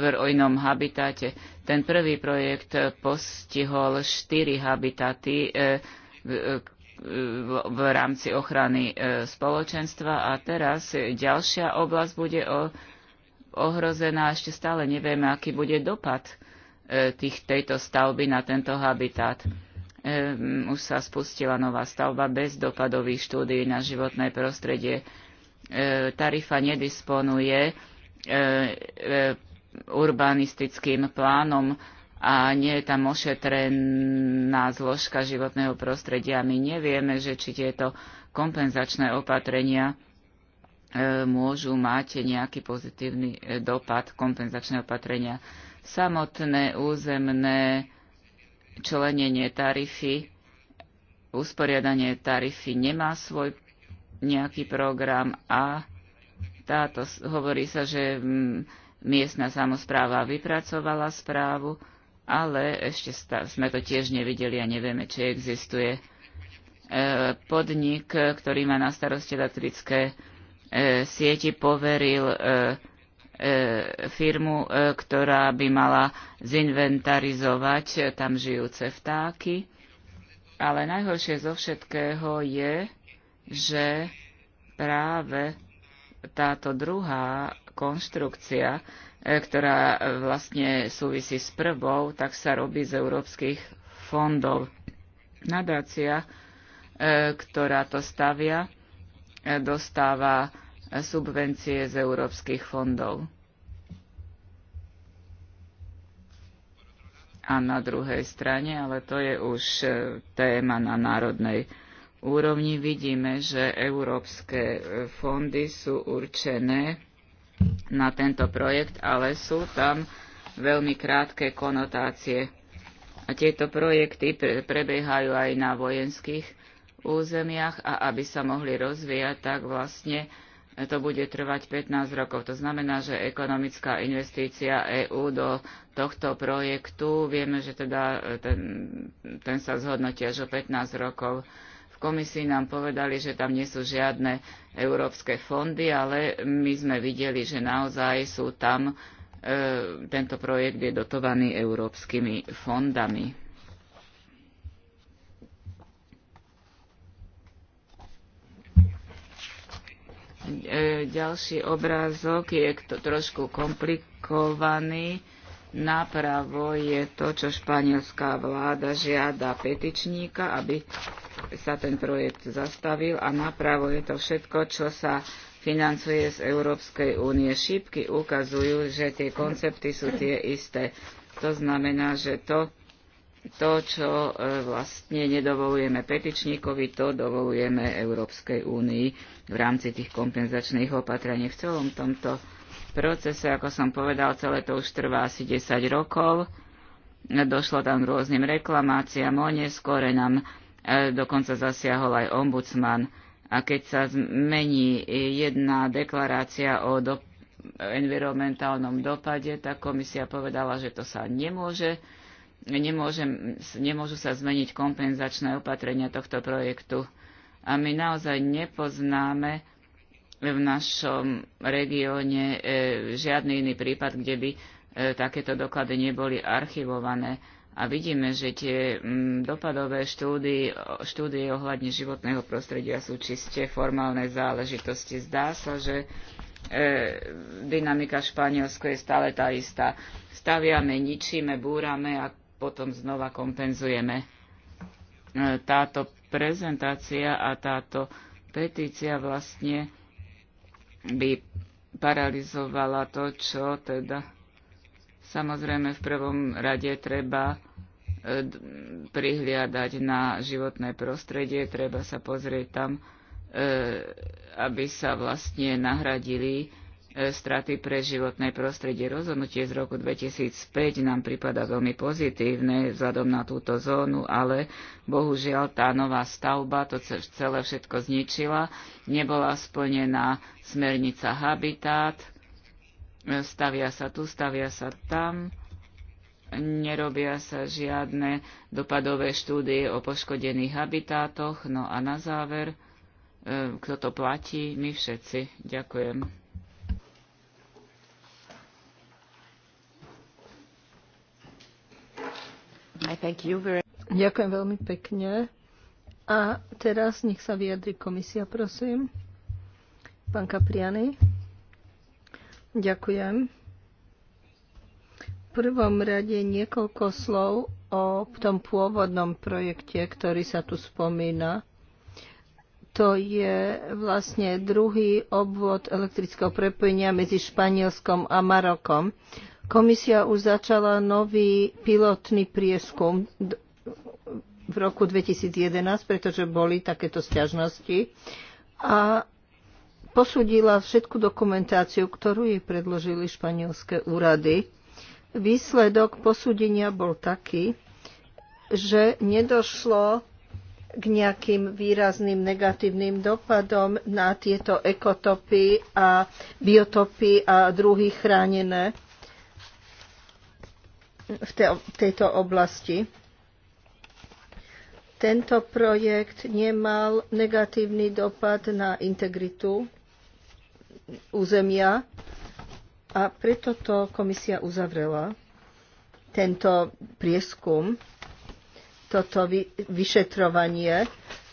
v inom habitáte. Ten prvý projekt postihol štyri habitaty e, e, v rámci ochrany spoločenstva a teraz ďalšia oblasť bude ohrozená. Ešte stále nevieme, aký bude dopad tých, tejto stavby na tento habitát už sa spustila nová stavba bez dopadových štúdií na životné prostredie. Tarifa nedisponuje urbanistickým plánom a nie je tam ošetrená zložka životného prostredia. My nevieme, že či tieto kompenzačné opatrenia môžu mať nejaký pozitívny eh, dopad kompenzačné opatrenia. Samotné územné členenie tarify, usporiadanie tarify nemá svoj nejaký program a táto, hovorí sa, že mm, miestna samozpráva vypracovala správu, ale ešte sme to tiež nevideli a nevieme, či existuje e, podnik, ktorý má na starosti elektrické e, sieti, poveril e, E, firmu, e, ktorá by mala zinventarizovať e, tam žijúce vtáky. Ale najhoršie zo všetkého je, že práve táto druhá konštrukcia, ktorá vlastne súvisí s prvou, tak sa robí z európskych fondov. Nadácia, ktorá to stavia, dostáva subvencie z európskych fondov. A na druhej strane, ale to je už e, téma na národnej úrovni, vidíme, že európske e, fondy sú určené na tento projekt, ale sú tam veľmi krátke konotácie. A tieto projekty prebiehajú aj na vojenských územiach a aby sa mohli rozvíjať, tak vlastne to bude trvať 15 rokov. To znamená, že ekonomická investícia EÚ do tohto projektu, vieme, že teda e, ten, ten sa zhodnotí až o 15 rokov. V komisii nám povedali, že tam nie sú žiadne európske fondy, ale my sme videli, že naozaj sú tam, e, tento projekt je dotovaný európskymi fondami. E, ďalší obrázok je to trošku komplikovaný. Napravo je to, čo španielská vláda žiada petičníka, aby sa ten projekt zastavil a napravo je to všetko, čo sa financuje z Európskej únie. Šípky ukazujú, že tie koncepty sú tie isté. To znamená, že to, to, čo e, vlastne nedovolujeme petičníkovi, to dovolujeme Európskej únii v rámci tých kompenzačných opatrení. V celom tomto procese, ako som povedal, celé to už trvá asi 10 rokov. Došlo tam k rôznym reklamáciám, o neskore nám e, dokonca zasiahol aj ombudsman. A keď sa zmení jedna deklarácia o do, environmentálnom dopade, tak komisia povedala, že to sa nemôže nemôžu sa zmeniť kompenzačné opatrenia tohto projektu. A my naozaj nepoznáme v našom regióne e, žiadny iný prípad, kde by e, takéto doklady neboli archivované. A vidíme, že tie mm, dopadové štúdie, štúdie ohľadne životného prostredia sú čiste formálne záležitosti. Zdá sa, že e, dynamika v Španielsku je stále tá istá. Staviame, ničíme, búrame a potom znova kompenzujeme. E, táto prezentácia a táto petícia vlastne by paralizovala to, čo teda samozrejme v prvom rade treba e, prihliadať na životné prostredie, treba sa pozrieť tam, e, aby sa vlastne nahradili E, straty pre životné prostredie. Rozhodnutie z roku 2005 nám pripada veľmi pozitívne vzhľadom na túto zónu, ale bohužiaľ tá nová stavba to celé všetko zničila. Nebola splnená smernica Habitat, e, stavia sa tu, stavia sa tam, nerobia sa žiadne dopadové štúdie o poškodených habitátoch. No a na záver, e, kto to platí? My všetci. Ďakujem. Ďakujem veľmi pekne. A teraz nech sa vyjadri komisia, prosím. Pán Kapriany. Ďakujem. V prvom rade niekoľko slov o tom pôvodnom projekte, ktorý sa tu spomína. To je vlastne druhý obvod elektrického prepojenia medzi Španielskom a Marokom. Komisia už začala nový pilotný prieskum v roku 2011, pretože boli takéto sťažnosti a posudila všetku dokumentáciu, ktorú jej predložili španielské úrady. Výsledok posúdenia bol taký, že nedošlo k nejakým výrazným negatívnym dopadom na tieto ekotopy a biotopy a druhy chránené v, te, v tejto oblasti. Tento projekt nemal negatívny dopad na integritu územia a preto to komisia uzavrela. Tento prieskum, toto vyšetrovanie,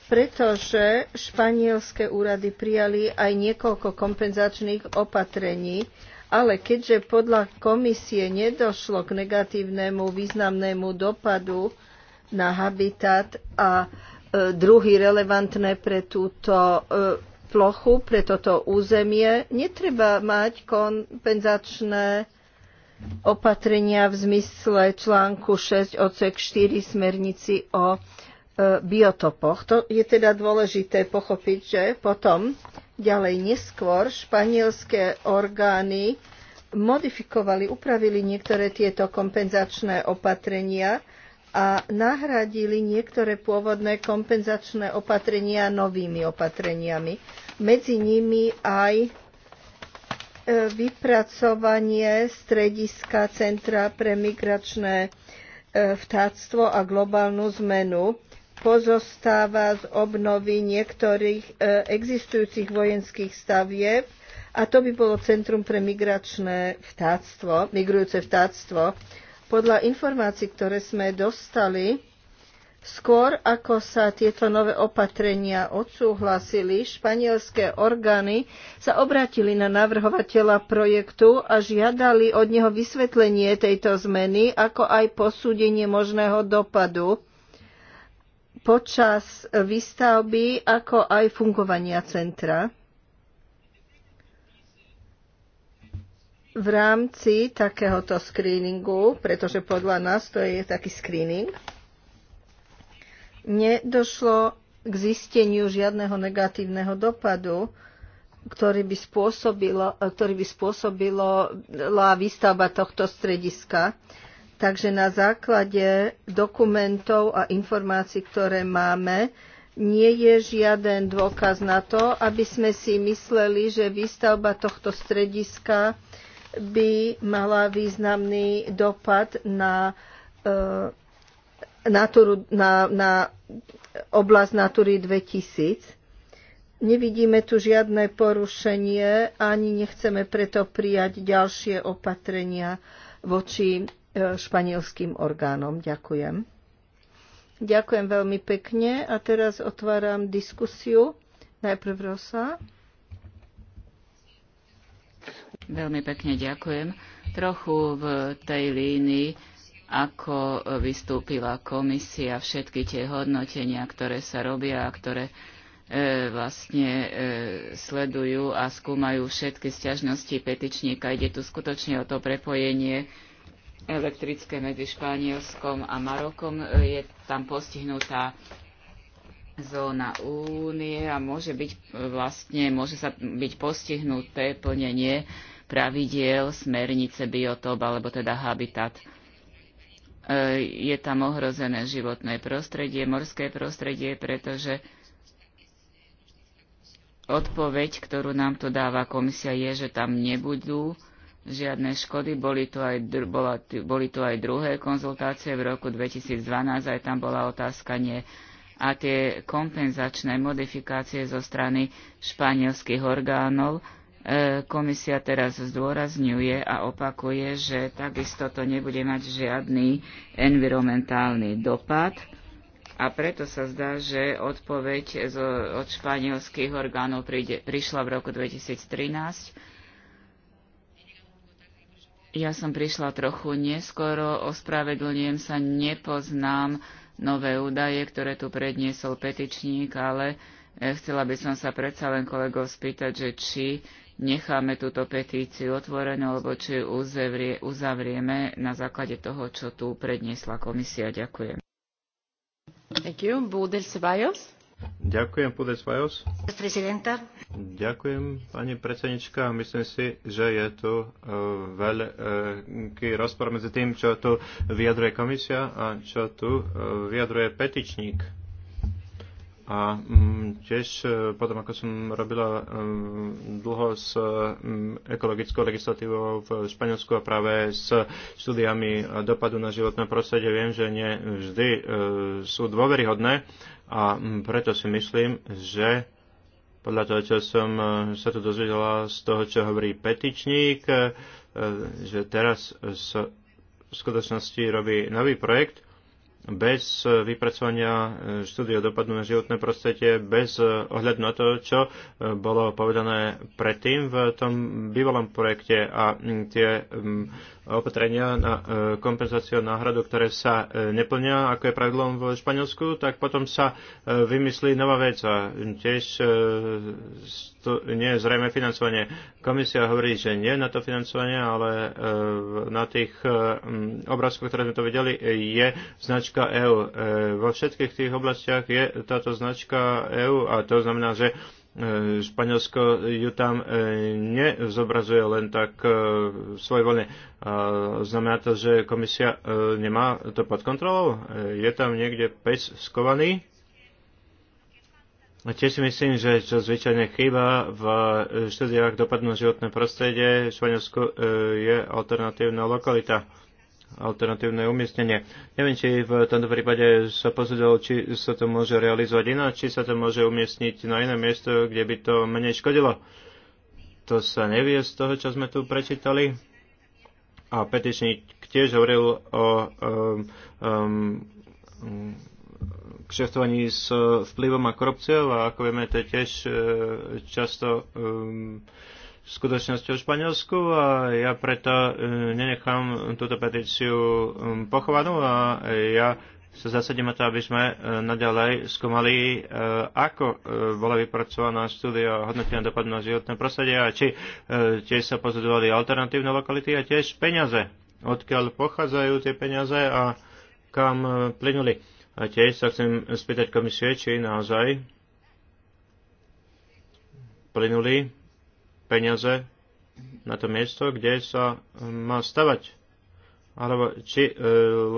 pretože španielské úrady prijali aj niekoľko kompenzačných opatrení, ale keďže podľa komisie nedošlo k negatívnemu významnému dopadu na habitat a e, druhy relevantné pre túto e, plochu, pre toto územie, netreba mať kompenzačné opatrenia v zmysle článku 6 odsek 4 smernici o e, biotopoch. To je teda dôležité pochopiť, že potom Ďalej neskôr španielské orgány modifikovali, upravili niektoré tieto kompenzačné opatrenia a nahradili niektoré pôvodné kompenzačné opatrenia novými opatreniami. Medzi nimi aj e, vypracovanie strediska Centra pre migračné e, vtáctvo a globálnu zmenu pozostáva z obnovy niektorých e, existujúcich vojenských stavieb a to by bolo Centrum pre migračné vtáctvo, migrujúce vtáctvo. Podľa informácií, ktoré sme dostali, skôr ako sa tieto nové opatrenia odsúhlasili, španielské orgány sa obratili na navrhovateľa projektu a žiadali od neho vysvetlenie tejto zmeny, ako aj posúdenie možného dopadu počas výstavby, ako aj fungovania centra. v rámci takéhoto screeningu, pretože podľa nás to je taký screening, nedošlo k zisteniu žiadneho negatívneho dopadu, ktorý by, spôsobilo, ktorý by spôsobila výstavba tohto strediska. Takže na základe dokumentov a informácií, ktoré máme, nie je žiaden dôkaz na to, aby sme si mysleli, že výstavba tohto strediska by mala významný dopad na, e, naturu, na, na oblasť Natury 2000. Nevidíme tu žiadne porušenie, ani nechceme preto prijať ďalšie opatrenia voči E, španielským orgánom. Ďakujem. Ďakujem veľmi pekne a teraz otváram diskusiu. Najprv Rosa. Veľmi pekne ďakujem. Trochu v tej línii, ako vystúpila komisia, všetky tie hodnotenia, ktoré sa robia a ktoré e, vlastne e, sledujú a skúmajú všetky sťažnosti petičníka. Ide tu skutočne o to prepojenie elektrické medzi Španielskom a Marokom. Je tam postihnutá zóna únie a môže byť vlastne, môže sa byť postihnuté plnenie pravidiel smernice biotop alebo teda habitat. E, je tam ohrozené životné prostredie, morské prostredie, pretože odpoveď, ktorú nám tu dáva komisia, je, že tam nebudú žiadne škody. Boli tu aj, bola, boli tu aj druhé konzultácie v roku 2012, aj tam bola otázka nie a tie kompenzačné modifikácie zo strany španielských orgánov e, komisia teraz zdôrazňuje a opakuje, že takisto to nebude mať žiadny environmentálny dopad a preto sa zdá, že odpoveď zo, od španielských orgánov príde, prišla v roku 2013 ja som prišla trochu neskoro, ospravedlňujem sa, nepoznám nové údaje, ktoré tu predniesol petičník, ale e, chcela by som sa predsa len kolegov spýtať, že či necháme túto petíciu otvorenú, alebo či ju uzavrie, uzavrieme na základe toho, čo tu predniesla komisia. Ďakujem. Thank you. Budel Ceballos. Ďakujem, Pudes Vajos. Ďakujem, pani predsednička. Myslím si, že je tu e, veľký rozpor medzi tým, čo tu vyjadruje komisia a čo tu e, vyjadruje petičník. A mm, tiež e, potom, ako som robila dlho s mm, ekologickou legislatívou v Španielsku a práve s štúdiami dopadu na životné prostredie, viem, že nie vždy sú dôveryhodné a mm, preto si myslím, že podľa toho, čo som e, sa tu dozvedela z toho, čo hovorí petičník, e, že teraz sa v skutočnosti robí nový projekt bez vypracovania e, štúdia dopadu na životné prostredie, bez ohľadu na to, čo bolo povedané predtým v tom bývalom projekte a mm, tie mm, opatrenia na e, kompenzáciu náhradu, ktoré sa e, neplnia, ako je pravidlom v Španielsku, tak potom sa e, vymyslí nová vec a tiež to nie je zrejme financovanie. Komisia hovorí, že nie na to financovanie, ale na tých obrázkoch, ktoré sme to videli, je značka EU. Vo všetkých tých oblastiach je táto značka EU a to znamená, že E, Španielsko ju tam e, nezobrazuje len tak e, svojvoľne. Znamená to, že komisia nemá to pod kontrolou? Je tam niekde pes skovaný? Tiež si myslím, že čo zvyčajne chýba v štúdiách dopadnú životné prostredie, Španielsku je alternatívna lokalita alternatívne umiestnenie. Neviem, či v tomto prípade sa posudilo, či sa to môže realizovať ináč, či sa to môže umiestniť na iné miesto, kde by to menej škodilo. To sa nevie z toho, čo sme tu prečítali. A petičník tiež hovoril o um, um, kšeftovaní s vplyvom a korupciou a ako vieme, to je tiež eh, často um, o Španielsku a ja preto e, nenechám túto petíciu pochovanú a ja sa zasadím o to, aby sme e, naďalej skúmali, e, ako bola vypracovaná štúdia hodnotenia dopadu na životné prostredie a či tiež sa pozadovali alternatívne lokality a tiež peniaze, odkiaľ pochádzajú tie peniaze a kam plynuli. A tiež sa chcem spýtať komisie, či naozaj plynuli peniaze na to miesto, kde sa e, má stavať. Alebo či e,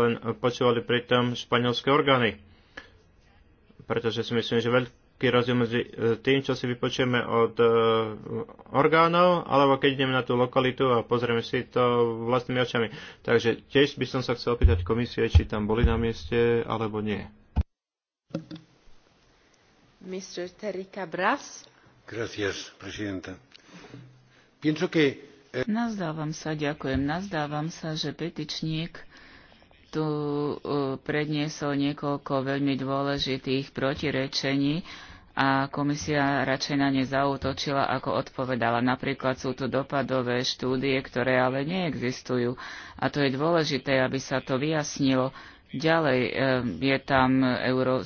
len počúvali pritom španielské orgány. Pretože si myslím, že veľký rozdiel medzi e, tým, čo si vypočujeme od e, orgánov, alebo keď ideme na tú lokalitu a pozrieme si to vlastnými očami. Takže tiež by som sa chcel opýtať komisie, či tam boli na mieste, alebo nie. Mr. Terry Cabras. Gracias, presidenta Eh, Nazdávam sa, ďakujem. Nazdávam sa, že petičník tu eh, predniesol niekoľko veľmi dôležitých protirečení a komisia radšej na ne zautočila, ako odpovedala. Napríklad sú tu dopadové štúdie, ktoré ale neexistujú. A to je dôležité, aby sa to vyjasnilo. Ďalej eh, je tam,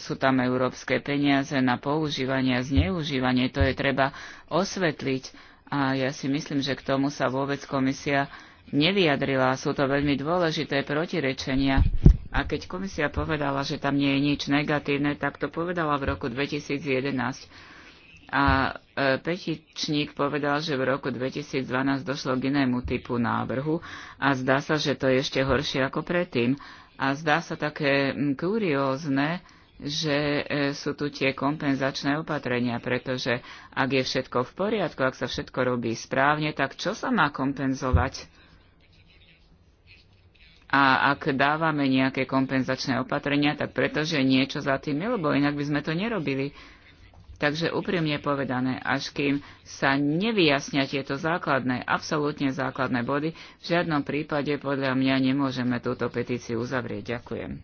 sú tam európske peniaze na používanie a zneužívanie. To je treba osvetliť a ja si myslím, že k tomu sa vôbec komisia nevyjadrila. Sú to veľmi dôležité protirečenia. A keď komisia povedala, že tam nie je nič negatívne, tak to povedala v roku 2011. A e, petičník povedal, že v roku 2012 došlo k inému typu návrhu a zdá sa, že to je ešte horšie ako predtým. A zdá sa také kuriózne, že e, sú tu tie kompenzačné opatrenia, pretože ak je všetko v poriadku, ak sa všetko robí správne, tak čo sa má kompenzovať? A ak dávame nejaké kompenzačné opatrenia, tak pretože niečo za tým je, lebo inak by sme to nerobili. Takže úprimne povedané, až kým sa nevyjasnia tieto základné, absolútne základné body, v žiadnom prípade podľa mňa nemôžeme túto petíciu uzavrieť. Ďakujem.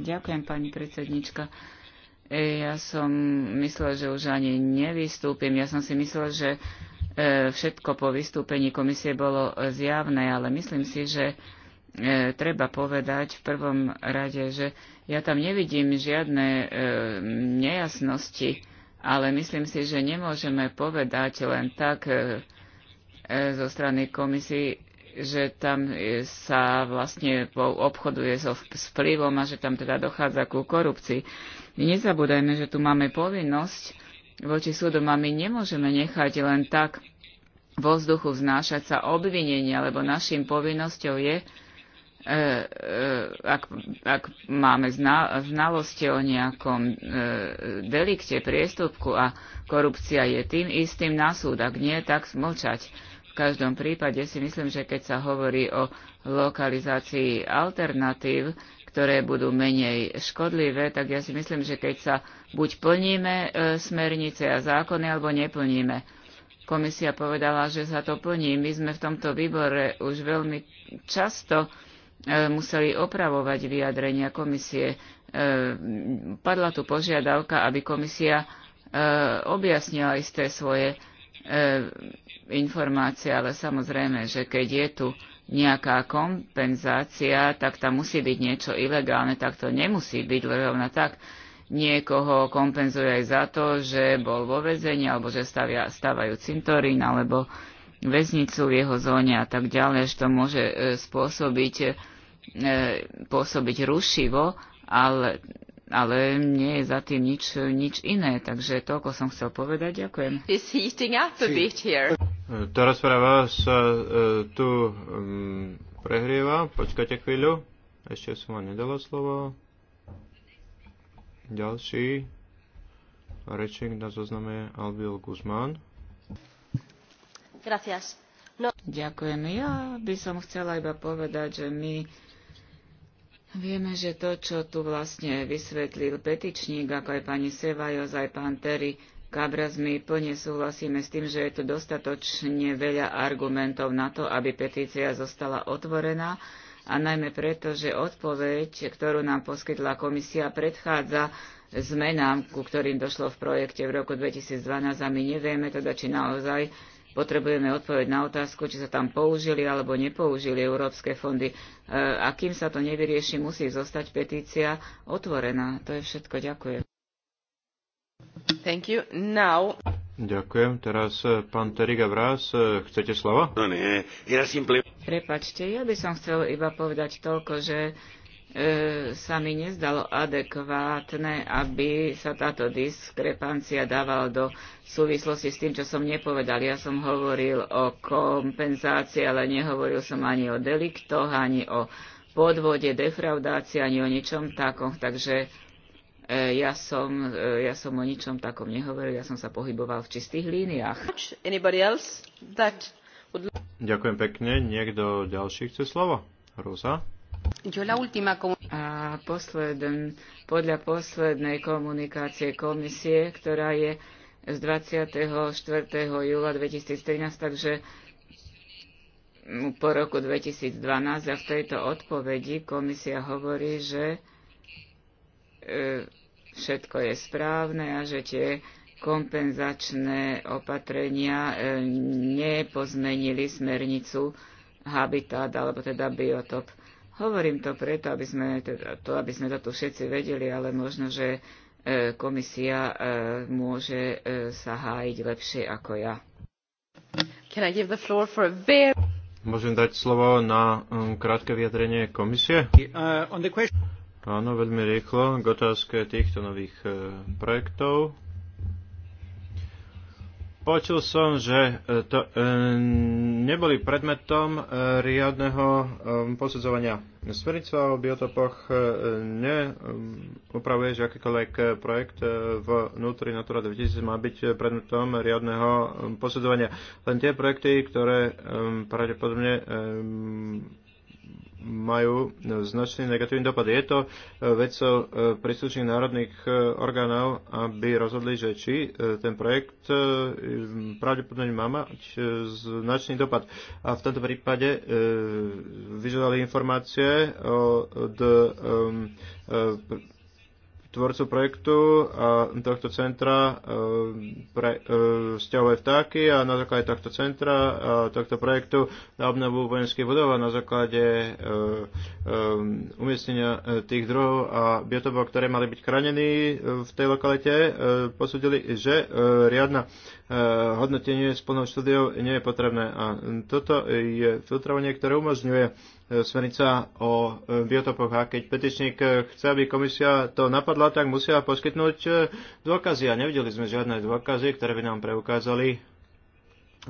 Ďakujem, pani predsednička. E, ja som myslela, že už ani nevystúpim. Ja som si myslela, že e, všetko po vystúpení komisie bolo zjavné, ale myslím si, že e, treba povedať v prvom rade, že ja tam nevidím žiadne nejasnosti, ale myslím si, že nemôžeme povedať len tak E, zo strany komisii, že tam e, sa vlastne obchoduje so vplyvom a že tam teda dochádza ku korupcii. Nezabúdajme, že tu máme povinnosť voči súdom a my nemôžeme nechať len tak vo vzduchu vznášať sa obvinenia, lebo našim povinnosťou je, e, ak, ak máme znalosti o nejakom delikte, priestupku a korupcia je tým istým na súd, ak nie, tak smlčať. V každom prípade si myslím, že keď sa hovorí o lokalizácii alternatív, ktoré budú menej škodlivé, tak ja si myslím, že keď sa buď plníme e, smernice a zákony, alebo neplníme. Komisia povedala, že sa to plní. My sme v tomto výbore už veľmi často e, museli opravovať vyjadrenia komisie. E, padla tu požiadavka, aby komisia objasnila isté svoje informácie, ale samozrejme, že keď je tu nejaká kompenzácia, tak tam musí byť niečo ilegálne, tak to nemusí byť rovna tak. Niekoho kompenzuje aj za to, že bol vo vezení, alebo že stavia, stavajú cintorín, alebo väznicu v jeho zóne a tak ďalej, že to môže e, spôsobiť, e, e, pôsobiť rušivo, ale ale nie je za tým nič, nič iné. Takže toľko som chcel povedať. Ďakujem. Tá rozpráva sa e, tu um, prehrieva. Počkajte chvíľu. Ešte som vám nedala slovo. Ďalší rečník na zozname Albiel Guzmán. Gracias. No. Ďakujem. Ja by som chcela iba povedať, že my Vieme, že to, čo tu vlastne vysvetlil petičník, ako aj pani Sevajos, aj pán Terry Cabras, my plne súhlasíme s tým, že je tu dostatočne veľa argumentov na to, aby petícia zostala otvorená a najmä preto, že odpoveď, ktorú nám poskytla komisia, predchádza zmenám, ku ktorým došlo v projekte v roku 2012 a my nevieme teda, či naozaj Potrebujeme odpoveď na otázku, či sa tam použili alebo nepoužili európske fondy. E, a kým sa to nevyrieši, musí zostať petícia otvorená. To je všetko. Ďakujem. Thank you. Now... Ďakujem. Teraz e, pán Teriga Vrás, e, chcete slova? No nie, ja Prepačte, ja by som chcel iba povedať toľko, že E, sa mi nezdalo adekvátne, aby sa táto diskrepancia dávala do súvislosti s tým, čo som nepovedal. Ja som hovoril o kompenzácii, ale nehovoril som ani o deliktoch, ani o podvode, defraudácii, ani o ničom takom. Takže e, ja som, e, ja som o ničom takom nehovoril, ja som sa pohyboval v čistých líniách. Ďakujem pekne. Niekto ďalší chce slovo? Rosa? A posledn, podľa poslednej komunikácie komisie, ktorá je z 24. júla 2013, takže po roku 2012 a v tejto odpovedi komisia hovorí, že e, všetko je správne a že tie kompenzačné opatrenia e, nepozmenili smernicu habitat alebo teda biotop. Hovorím to preto, aby sme, teda, to, aby sme to všetci vedeli, ale možno, že e, komisia e, môže e, sa hájiť lepšie ako ja. Can I give the floor for a very... Môžem dať slovo na um, krátke vyjadrenie komisie? Uh, Áno, veľmi rýchlo k otázke týchto nových projektov. Počul som, že e, to e, neboli predmetom e, riadneho posudzovania. Smernica o biotopoch neupravuje, že akýkoľvek projekt vnútri Natura 2000 má byť predmetom riadneho posudzovania. Len tie projekty, ktoré pravdepodobne majú značný negatívny dopad. Je to e, vecou e, príslušných národných e, orgánov, aby rozhodli, že či ten projekt pravdepodobne má mať značný dopad. A v tomto prípade vyžadali informácie od tvorcu projektu a tohto centra e, pre e, vzťahové vtáky a na základe tohto centra a tohto projektu na obnovu vojenských budov a na základe e, umiestnenia tých druhov a biotopov, ktoré mali byť chránení v tej lokalite, posúdili, že riadna hodnotenie s plnou štúdiou nie je potrebné. A toto je filtrovanie, ktoré umožňuje smernica o e, biotopoch. A keď petičník chce, aby komisia to napadla, tak musia poskytnúť e, dôkazy. A nevideli sme žiadne dôkazy, ktoré by nám preukázali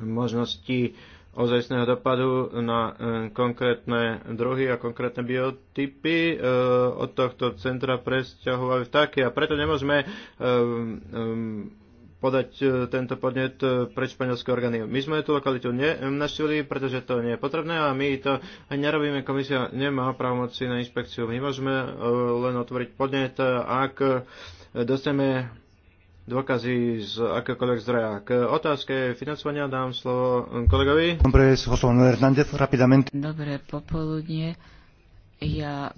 možnosti ozajstného dopadu na e, konkrétne druhy a konkrétne biotypy od tohto centra presťahovali vtáky. A preto nemôžeme podať e, tento podnet e, pre španielské orgány. My sme tú lokalitu nenaštili, pretože to nie je potrebné a my to nerobíme. Komisia nemá právomoci na inšpekciu. My môžeme e, len otvoriť podnet, ak dostaneme dôkazy z akékoľvek zdroja. K otázke financovania dám slovo kolegovi. Dobre popoludne. Ja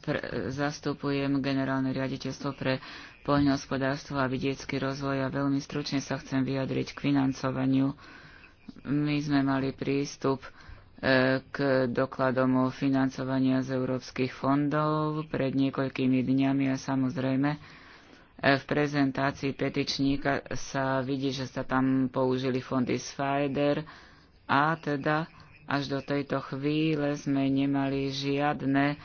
zastupujem generálne riaditeľstvo pre poľnohospodárstvo a vidiecky rozvoj a veľmi stručne sa chcem vyjadriť k financovaniu. My sme mali prístup e, k dokladom o financovania z európskych fondov pred niekoľkými dňami a samozrejme e, v prezentácii petičníka sa vidí, že sa tam použili fondy z FIDER a teda až do tejto chvíle sme nemali žiadne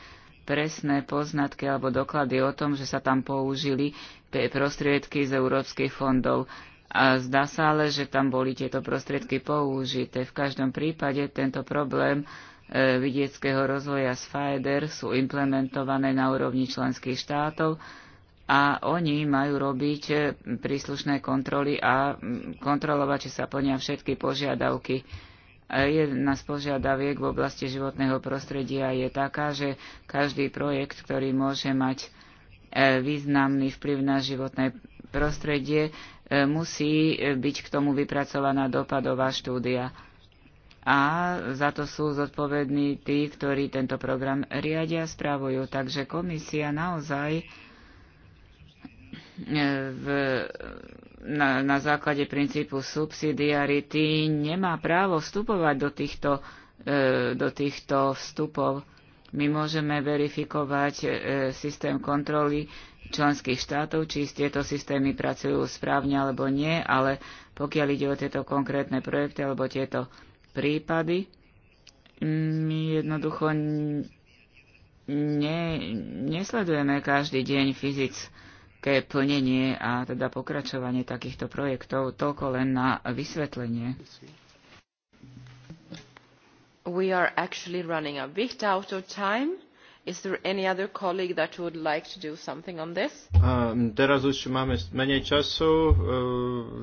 presné poznatky alebo doklady o tom, že sa tam použili prostriedky z európskych fondov. A zdá sa ale, že tam boli tieto prostriedky použité. V každom prípade tento problém e, vidieckého rozvoja z FAEDER sú implementované na úrovni členských štátov a oni majú robiť e, príslušné kontroly a kontrolovať, či sa plnia všetky požiadavky. Jedna z požiadaviek v oblasti životného prostredia je taká, že každý projekt, ktorý môže mať e, významný vplyv na životné prostredie, e, musí e, byť k tomu vypracovaná dopadová štúdia. A za to sú zodpovední tí, ktorí tento program riadia, správujú. Takže komisia naozaj E, v, na, na základe princípu subsidiarity nemá právo vstupovať do týchto, e, do týchto vstupov. My môžeme verifikovať e, systém kontroly členských štátov, či tieto systémy pracujú správne alebo nie, ale pokiaľ ide o tieto konkrétne projekty alebo tieto prípady, my jednoducho ne, nesledujeme každý deň fyzicky ke plnenie a teda pokračovanie takýchto projektov. Toľko len na vysvetlenie. We are actually running a bit out of time. Is there any other colleague that would like to do something on this? Um, teraz už máme menej času. Uh,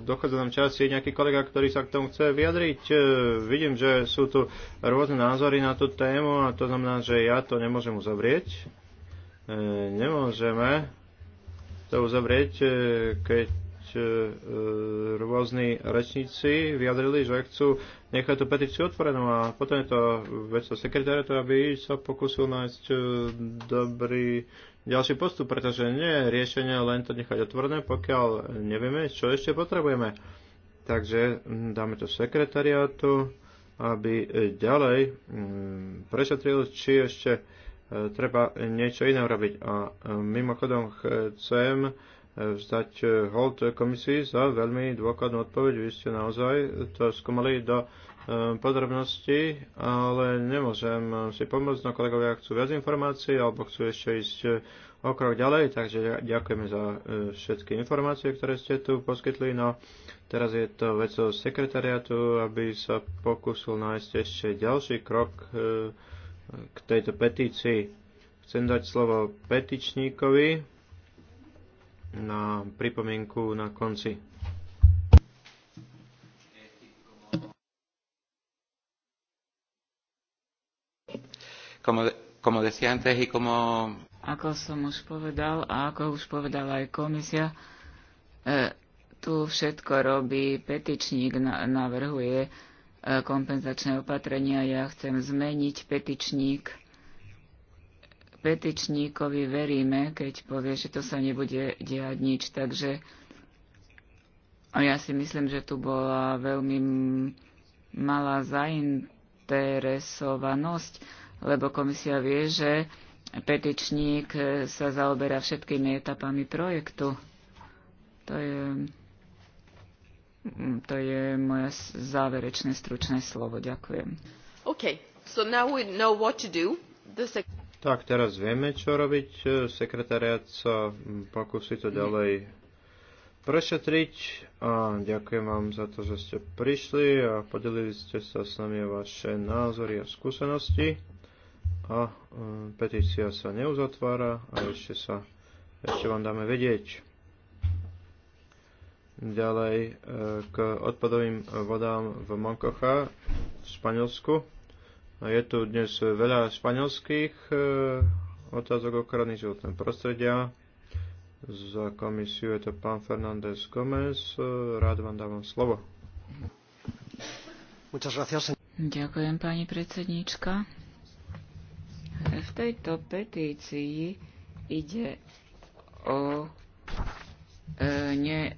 dochádza nám čas. Je nejaký kolega, ktorý sa k tomu chce vyjadriť? Uh, vidím, že sú tu rôzne názory na tú tému a to znamená, že ja to nemôžem uzavrieť. Uh, nemôžeme to uzavrieť, e, keď e, rôzni rečníci vyjadrili, že chcú nechať tú petíciu otvorenú a potom je to vec sekretariatu, aby sa pokusil nájsť e, dobrý ďalší postup, pretože nie je riešenie len to nechať otvorené, pokiaľ nevieme, čo ešte potrebujeme. Takže dáme to sekretariátu, aby ďalej prešetril, či ešte treba niečo iné robiť. A e, mimochodom chcem e, vzdať e, hold komisii za veľmi dôkladnú odpoveď. Vy ste naozaj to skúmali do podrobnosti, ale nemôžem si pomôcť. No kolegovia chcú viac informácií alebo chcú ešte ísť o krok ďalej, takže ďakujeme za všetky informácie, ktoré ste tu poskytli. No teraz je to o sekretariatu, aby sa pokusil nájsť ešte ďalší krok k tejto petícii. Chcem dať slovo petičníkovi na pripomienku na konci. Ako som už povedal a ako už povedala aj komisia, e, tu všetko robí petičník, navrhuje kompenzačné opatrenia. Ja chcem zmeniť petičník. Petičníkovi veríme, keď povie, že to sa nebude diať nič. Takže ja si myslím, že tu bola veľmi malá zainteresovanosť, lebo komisia vie, že petičník sa zaoberá všetkými etapami projektu. To je Mm, to je moje záverečné stručné slovo. Ďakujem. OK, so now we know what to do. The sec- tak, teraz vieme, čo robiť. E, sekretariat sa pokusí to mhm. ďalej prešetriť. A ďakujem vám za to, že ste prišli a podelili ste sa s nami o vaše názory a skúsenosti. A e, petícia sa neuzatvára a ešte sa ešte vám dáme vedieť ďalej e, k odpadovým vodám v Mankocha v Španielsku. Je tu dnes veľa španielských e, otázok ochrany životného prostredia. Za komisiu je to pán Fernández Gómez. E, rád vám dávam slovo. Ďakujem, pani predsednička. V tejto petícii ide o e, ne,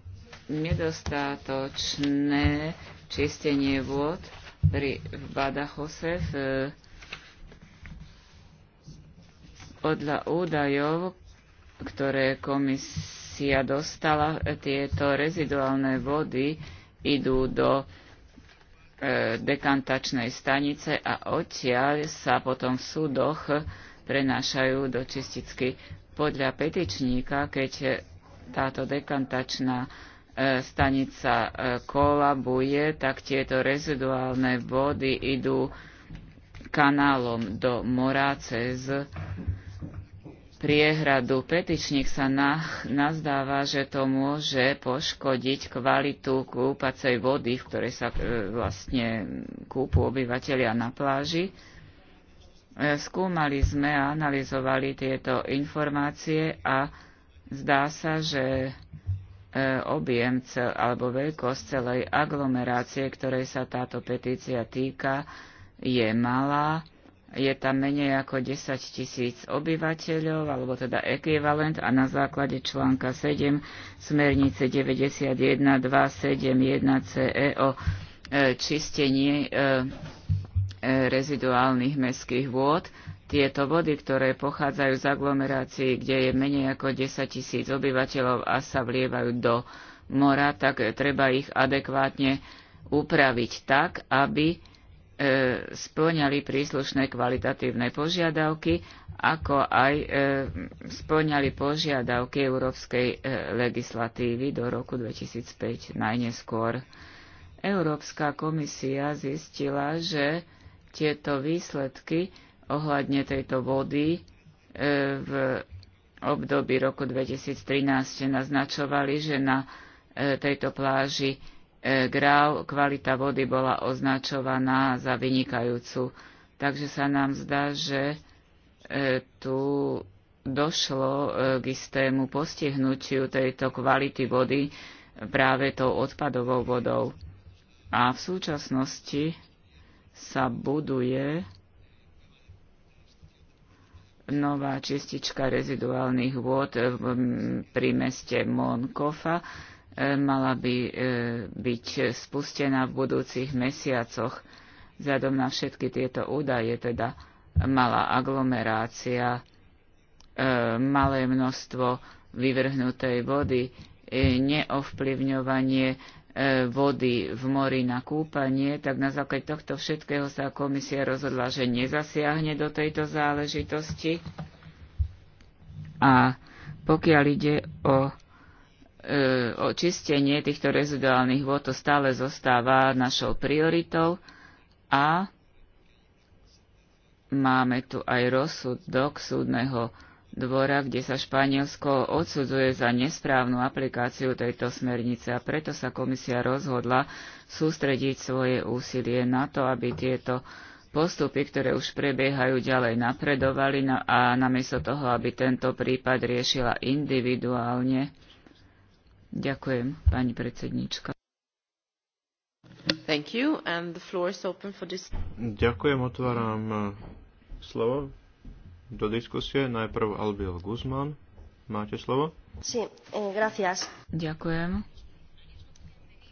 nedostatočné čistenie vôd pri, Badachose v, podľa údajov, ktoré komisia dostala, tieto reziduálne vody idú do e, dekantačnej stanice a odtiaľ sa potom v súdoch prenášajú do čisticky. Podľa petičníka, keď táto dekantačná E, stanica e, kolabuje, tak tieto reziduálne vody idú kanálom do mora cez priehradu. Petičník sa nach, nazdáva, že to môže poškodiť kvalitu kúpacej vody, v ktorej sa e, vlastne kúpu obyvateľia na pláži. E, skúmali sme a analyzovali tieto informácie a zdá sa, že E, objem cel, alebo veľkosť celej aglomerácie, ktorej sa táto petícia týka, je malá. Je tam menej ako 10 tisíc obyvateľov, alebo teda ekvivalent a na základe článka 7 smernice 91.271 CE o e, čistení e, reziduálnych mestských vôd tieto vody, ktoré pochádzajú z aglomerácií, kde je menej ako 10 tisíc obyvateľov a sa vlievajú do mora, tak treba ich adekvátne upraviť tak, aby e, splňali príslušné kvalitatívne požiadavky, ako aj e, splňali požiadavky európskej e, legislatívy do roku 2005 najneskôr. Európska komisia zistila, že tieto výsledky ohľadne tejto vody e, v období roku 2013 naznačovali, že na e, tejto pláži e, Grau kvalita vody bola označovaná za vynikajúcu. Takže sa nám zdá, že tu došlo k istému postihnutiu tejto kvality vody práve tou odpadovou vodou. A v súčasnosti sa buduje nová čistička reziduálnych vôd pri meste Monkofa e, mala by e, byť spustená v budúcich mesiacoch. Vzhľadom na všetky tieto údaje, teda malá aglomerácia, e, malé množstvo vyvrhnutej vody, neovplyvňovanie E, vody v mori na kúpanie, tak na základe tohto všetkého sa komisia rozhodla, že nezasiahne do tejto záležitosti. A pokiaľ ide o, e, o čistenie týchto reziduálnych vôd, to stále zostáva našou prioritou a máme tu aj rozsudok súdneho dvora, kde sa Španielsko odsudzuje za nesprávnu aplikáciu tejto smernice a preto sa komisia rozhodla sústrediť svoje úsilie na to, aby tieto postupy, ktoré už prebiehajú, ďalej napredovali a namiesto toho, aby tento prípad riešila individuálne. Ďakujem, pani predsednička. Thank you, and the floor is open for this. Ďakujem, otváram eh, slovo do diskusie. Najprv Albiel Guzman. Máte slovo? Sí, eh, gracias. Ďakujem.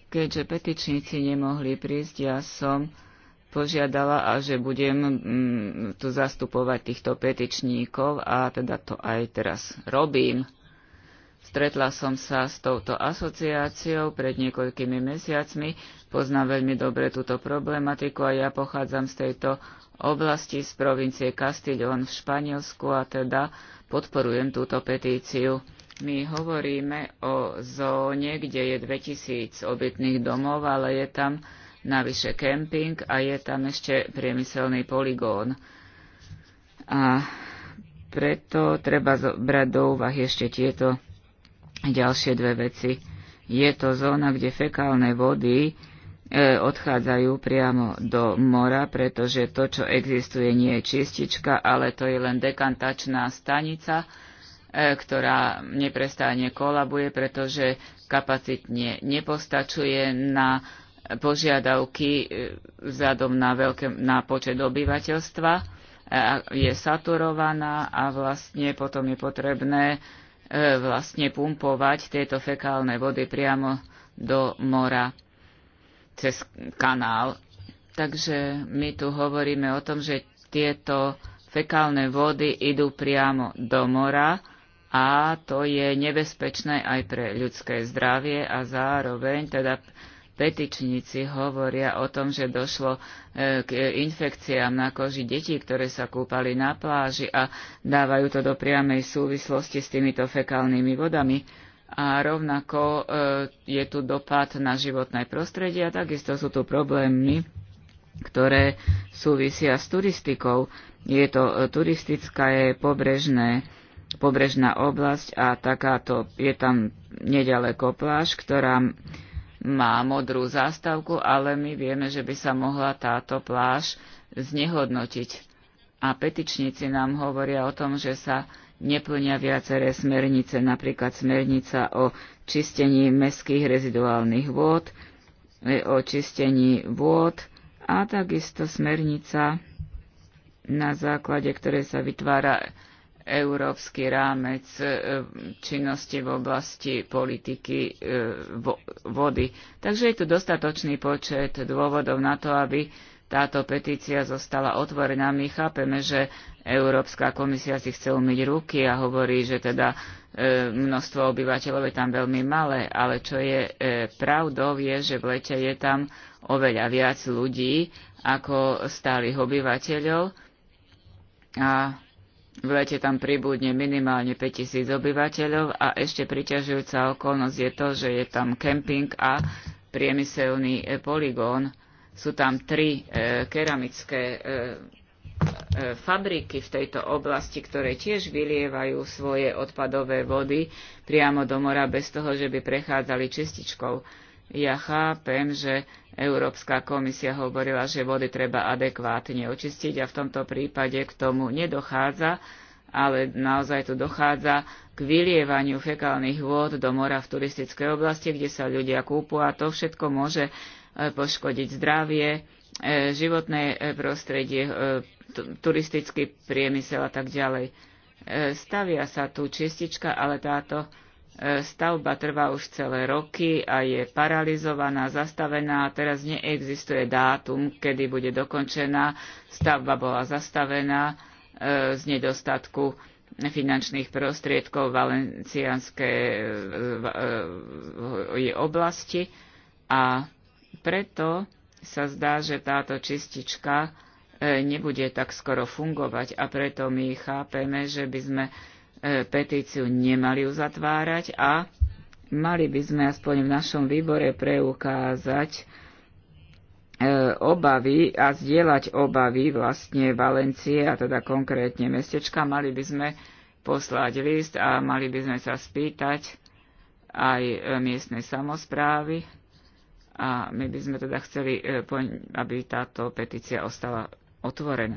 Keďže petičníci nemohli prísť, ja som požiadala a že budem mm, tu zastupovať týchto petičníkov a teda to aj teraz robím. Stretla som sa s touto asociáciou pred niekoľkými mesiacmi, poznám veľmi dobre túto problematiku a ja pochádzam z tejto oblasti z provincie Castillon v Španielsku a teda podporujem túto petíciu. My hovoríme o zóne, kde je 2000 obytných domov, ale je tam navyše kemping a je tam ešte priemyselný poligón. A preto treba brať do úvahy ešte tieto ďalšie dve veci. Je to zóna, kde fekálne vody E, odchádzajú priamo do mora, pretože to, čo existuje, nie je čistička, ale to je len dekantačná stanica, e, ktorá neprestane kolabuje, pretože kapacitne nepostačuje na požiadavky e, vzhľadom na, veľké, na počet obyvateľstva. Je saturovaná a vlastne potom je potrebné vlastne pumpovať tieto fekálne vody priamo do mora cez kanál. Takže my tu hovoríme o tom, že tieto fekálne vody idú priamo do mora a to je nebezpečné aj pre ľudské zdravie a zároveň teda petičníci hovoria o tom, že došlo e, k infekciám na koži detí, ktoré sa kúpali na pláži a dávajú to do priamej súvislosti s týmito fekálnymi vodami a rovnako e, je tu dopad na životné prostredie a takisto sú tu problémy, ktoré súvisia s turistikou. Je to e, turistická, je pobrežné, pobrežná oblasť a takáto je tam nedaleko pláž, ktorá má modrú zástavku, ale my vieme, že by sa mohla táto pláž znehodnotiť. A petičníci nám hovoria o tom, že sa neplnia viaceré smernice, napríklad smernica o čistení mestských reziduálnych vôd, e, o čistení vôd a takisto smernica, na základe ktorej sa vytvára európsky rámec e, činnosti v oblasti politiky e, vody. Takže je tu dostatočný počet dôvodov na to, aby táto petícia zostala otvorená. My chápeme, že Európska komisia si chce umyť ruky a hovorí, že teda e, množstvo obyvateľov je tam veľmi malé, ale čo je e, pravdou je, že v lete je tam oveľa viac ľudí ako stálych obyvateľov a v lete tam pribudne minimálne 5000 obyvateľov a ešte priťažujúca okolnosť je to, že je tam kemping a priemyselný e, poligón. Sú tam tri e, keramické e, e, fabriky v tejto oblasti, ktoré tiež vylievajú svoje odpadové vody priamo do mora bez toho, že by prechádzali čističkou. Ja chápem, že Európska komisia hovorila, že vody treba adekvátne očistiť a v tomto prípade k tomu nedochádza, ale naozaj tu dochádza k vylievaniu fekálnych vôd do mora v turistickej oblasti, kde sa ľudia kúpu a to všetko môže poškodiť zdravie, e, životné e, prostredie, e, turistický priemysel a tak ďalej. Stavia sa tu čistička, ale táto stavba trvá už celé roky a je paralizovaná, zastavená a teraz neexistuje dátum, kedy bude dokončená. Stavba bola zastavená z nedostatku finančných prostriedkov valencianskej oblasti a preto sa zdá, že táto čistička e, nebude tak skoro fungovať a preto my chápeme, že by sme e, petíciu nemali uzatvárať a mali by sme aspoň v našom výbore preukázať e, obavy a zdieľať obavy vlastne Valencie a teda konkrétne mestečka. Mali by sme poslať list a mali by sme sa spýtať aj miestnej samozprávy, a my by sme teda chceli, e, aby táto petícia ostala otvorená.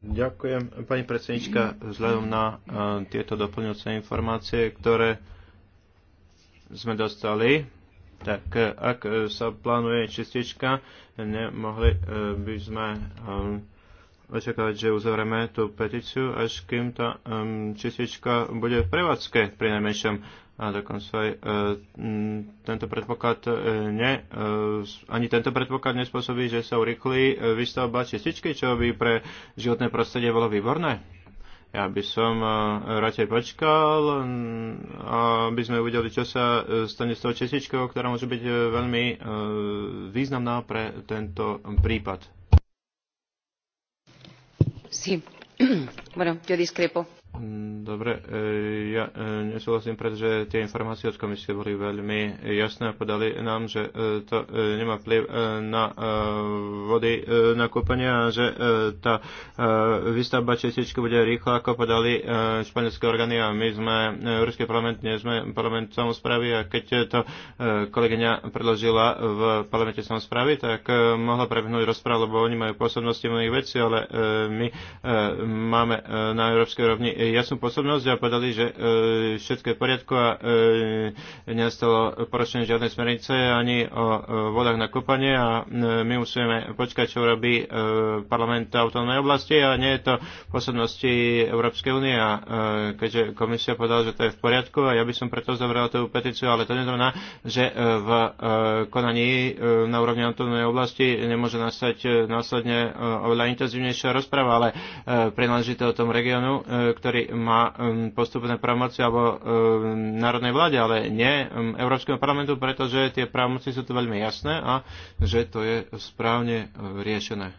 Ďakujem, pani predsednička, vzhľadom na e, tieto doplňujúce informácie, ktoré sme dostali. Tak e, ak sa plánuje čistička, nemohli by sme očakávať, že uzavreme tú petíciu, až kým tá um, čistička bude v prevádzke pri najmenšom. A dokonca aj uh, tento predpoklad uh, ne, uh, ani tento predpoklad nespôsobí, že sa urychlí uh, výstavba čističky, čo by pre životné prostredie bolo výborné. Ja by som radšej počkal, aby sme uvideli, čo sa stane s tou čističkou, ktorá môže byť veľmi významná pre tento prípad sí. bueno yo discrepo. Mm, dobre, e, ja e, nesúhlasím, pretože tie informácie od komisie boli veľmi jasné a podali nám, že e, to nemá vplyv na vody na kúpenie a že tá výstavba čestičky bude rýchla, ako podali španielské orgány a my sme Európsky parlament, nie sme parlament samozprávy a keď to kolegyňa predložila v parlamente samozprávy, tak mohla prebehnúť rozpráva, lebo oni majú pôsobnosti mnohých vecí, ale my máme na európskej rovni jasnú pôsobnosť a povedali, že e, všetko je v poriadku a e, nestalo porušenie žiadnej smernice ani o e, vodách na kopanie a my musíme počkať, čo robí parlament autonómnej oblasti a nie je to v pôsobnosti Európskej únie a keďže komisia povedala, že to je v poriadku a ja by som preto zavrel tú petíciu, ale to neznamená, že v konaní na úrovni autonómnej oblasti nemôže nastať následne oveľa intenzívnejšia rozpráva, ale prináležite o tom regiónu, ktorý ktorý má um, postupné právomoci alebo um, národnej vláde, ale nie um, Európskeho parlamentu, pretože tie právomoci sú tu veľmi jasné a že to je správne uh, riešené.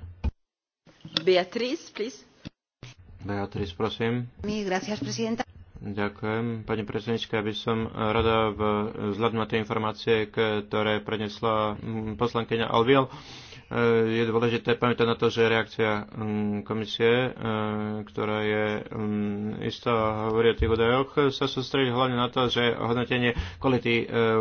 Beatriz, please. Beatrice, prosím. Mi, gracias, presidenta. Ďakujem. Pani predsednička, ja by som rada vzhľadnúť na tie informácie, ktoré prenesla mm, poslankyňa Alviel, Eh, je dôležité pamätať na to, že reakcia mm, komisie, eh, ktorá je mm, istá hovorí o tých údajoch, sa sústredí hlavne na to, že hodnotenie kvality eh,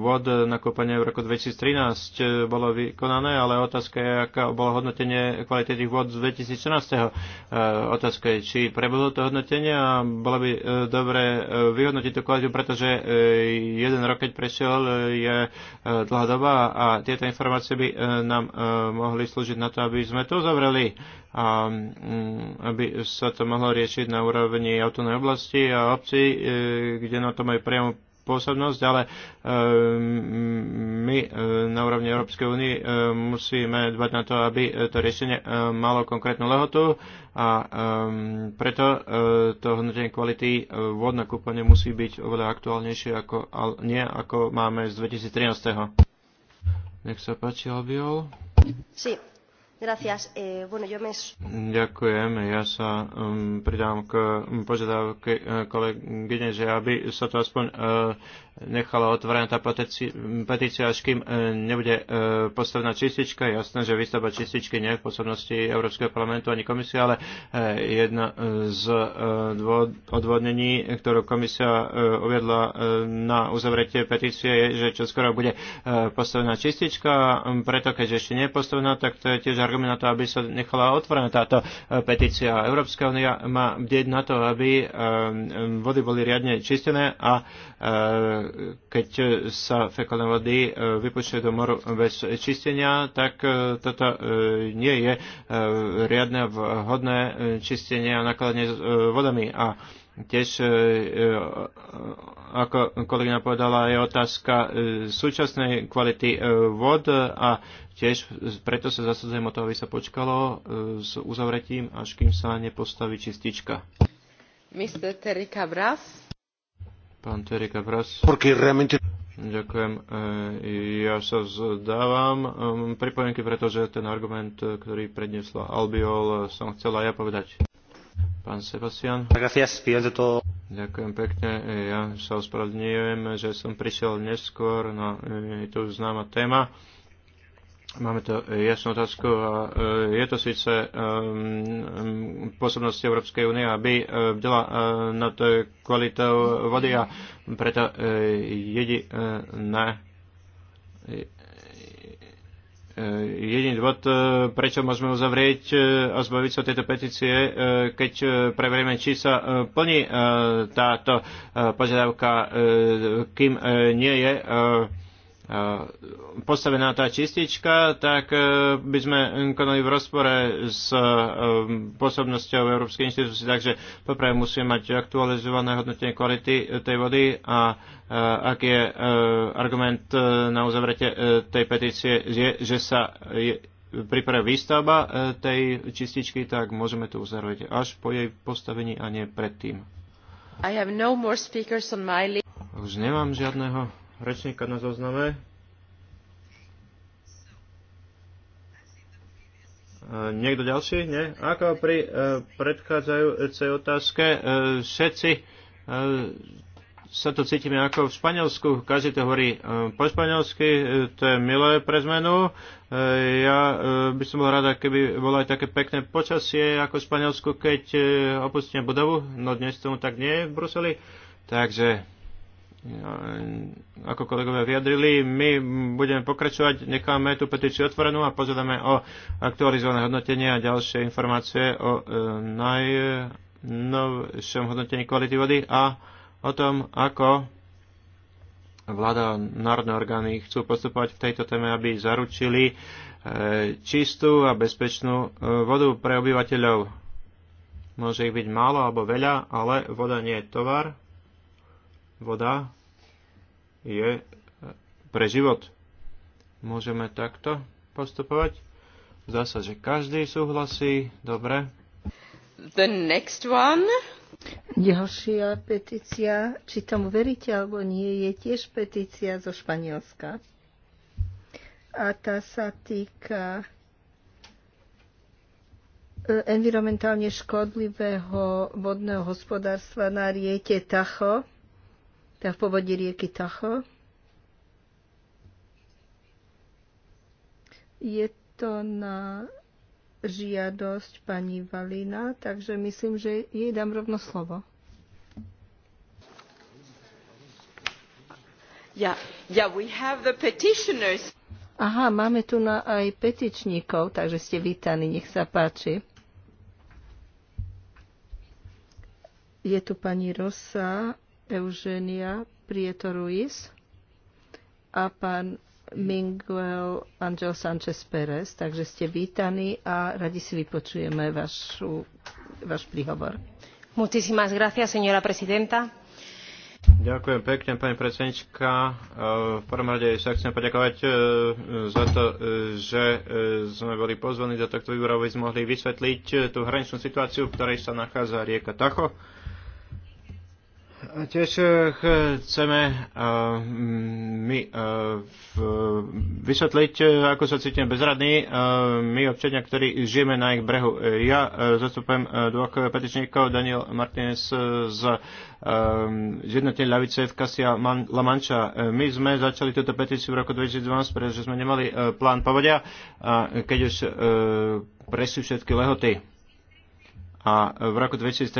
vod na kúpanie v roku 2013 bolo vykonané, ale otázka je, aká bolo hodnotenie kvality tých vod z 2014. Otázka je, či prebudlo to hodnotenie a bolo by dobre vyhodnotiť tú kvalitu, pretože jeden rok, keď prešiel, je dlhá doba a tieto informácie by nám mohli slúžiť na to, aby sme to uzavreli a mm, aby sa to mohlo riešiť na úrovni autonómnej oblasti a obci, e, kde na to majú priamu pôsobnosť, ale e, my e, na úrovni Európskej únie musíme dbať na to, aby to riešenie malo konkrétnu lehotu a preto to hodnotenie kvality vodná na kúpanie musí byť oveľa aktuálnejšie, ako, nie ako máme z 2013. Nech sa páči, Albiol. Eh, Ďakujem. Ja sa um, pridám k požiadavke eh, kolegyne, že aby sa to aspoň uh, nechala otvorená tá petícia, až kým e, nebude e, postavená čistička. jasné, že výstavba čističky nie je v pôsobnosti Európskeho parlamentu ani komisie, ale e, jedna z odvodnení, ktorú komisia uviedla na uzavretie petície, je, že čo skoro bude postavená čistička. Preto, keďže ešte nie je postavená, tak to je tiež argument na to, aby sa nechala otvorená táto petícia. Európska únia má bdieť na to, aby vody boli riadne čistené a keď sa fekalné vody e, vypočuje do moru bez čistenia, tak e, toto e, nie je riadne vhodné čistenie a nakladanie s vodami. A tiež, ako kolegyňa povedala, je otázka súčasnej kvality vod a tiež preto sa zasadzujem o to, aby sa počkalo s uzavretím, až kým sa nepostaví čistička. Mr. Terry Cabras. Pán Terika Vras. Ďakujem. E, ja sa zdávam um, pripojenky, pretože ten argument, ktorý predniesla Albiol, som chcela ja povedať. Pán Sebastian. Ďakujem pekne. E, ja sa ospravedlňujem, že som prišiel neskôr, na no, e, je to známa téma. Máme tu jasnú otázku. E, je to síce e, pôsobnosti Európskej únie, aby e, bdela nad kvalitou vody a preto jediné jediný dôvod, prečo môžeme uzavrieť a zbaviť sa tejto petície, keď preverieme, či sa plní táto požiadavka, kým nie je Eh, postavená tá čistička, tak eh, by sme eh, konali v rozpore s pôsobnosťou Európskej inštitúcie. Takže poprvé musíme mať aktualizované hodnotenie kvality tej vody a ak je argument na uzavretie tej petície, je, že sa pripravuje výstavba tej čističky, tak môžeme to uzavrieť až po jej postavení a nie predtým. I have no more speakers on my list. Už nemám žiadneho rečníka na zozname. E, niekto ďalší? Nie? Ako pri e, predchádzajúcej otázke, e, všetci sa tu cítime ako v Španielsku. Každý to hovorí po španielsky, to je milé pre zmenu. Ja by som bol rada, keby bolo aj také pekné počasie ako v Španielsku, keď opustíme budovu. No dnes tomu tak nie je v Bruseli. Takže ako kolegovia vyjadrili, my budeme pokračovať, necháme tú petíciu otvorenú a požiadame o aktualizované hodnotenie a ďalšie informácie o e, najnovšom hodnotení kvality vody a o tom, ako vláda národné orgány chcú postupovať v tejto téme, aby zaručili e, čistú a bezpečnú e, vodu pre obyvateľov. Môže ich byť málo alebo veľa, ale voda nie je tovar voda je e, pre život. Môžeme takto postupovať? Zdá sa, že každý súhlasí. Dobre. The next one. Ďalšia petícia, či tomu veríte alebo nie, je tiež petícia zo Španielska. A tá sa týka e, environmentálne škodlivého vodného hospodárstva na riete Tacho tam v povodí rieky Tacho. Je to na žiadosť pani Valina, takže myslím, že jej dám rovno slovo. Yeah, yeah, we have the petitioners. Aha, máme tu na aj petičníkov, takže ste vítaní, nech sa páči. Je tu pani Rosa Eugenia Prieto Ruiz a pán Miguel Angel Sanchez Pérez. Takže ste vítaní a radi si vypočujeme vašu, váš príhovor. Muchísimas gracias, señora presidenta. Ďakujem pekne, pani predsednička. V prvom rade sa chcem poďakovať e, za to, e, že e, sme boli pozvaní do tohto výboru, aby sme mohli vysvetliť tú hraničnú situáciu, v ktorej sa nachádza rieka Tacho Tiež eh, chceme eh, mm, my eh, vysvetliť, ako sa cítim bezradný. My občania, ktorí žijeme na ich brehu. Ja zastupujem dvoch petičníkov, Daniel Martinez z zjednotenej ľavice v Kasia La Mancha. My sme začali túto petíciu v roku 2012, pretože sme nemali plán povodia, keď už prešli všetky lehoty a v roku 2013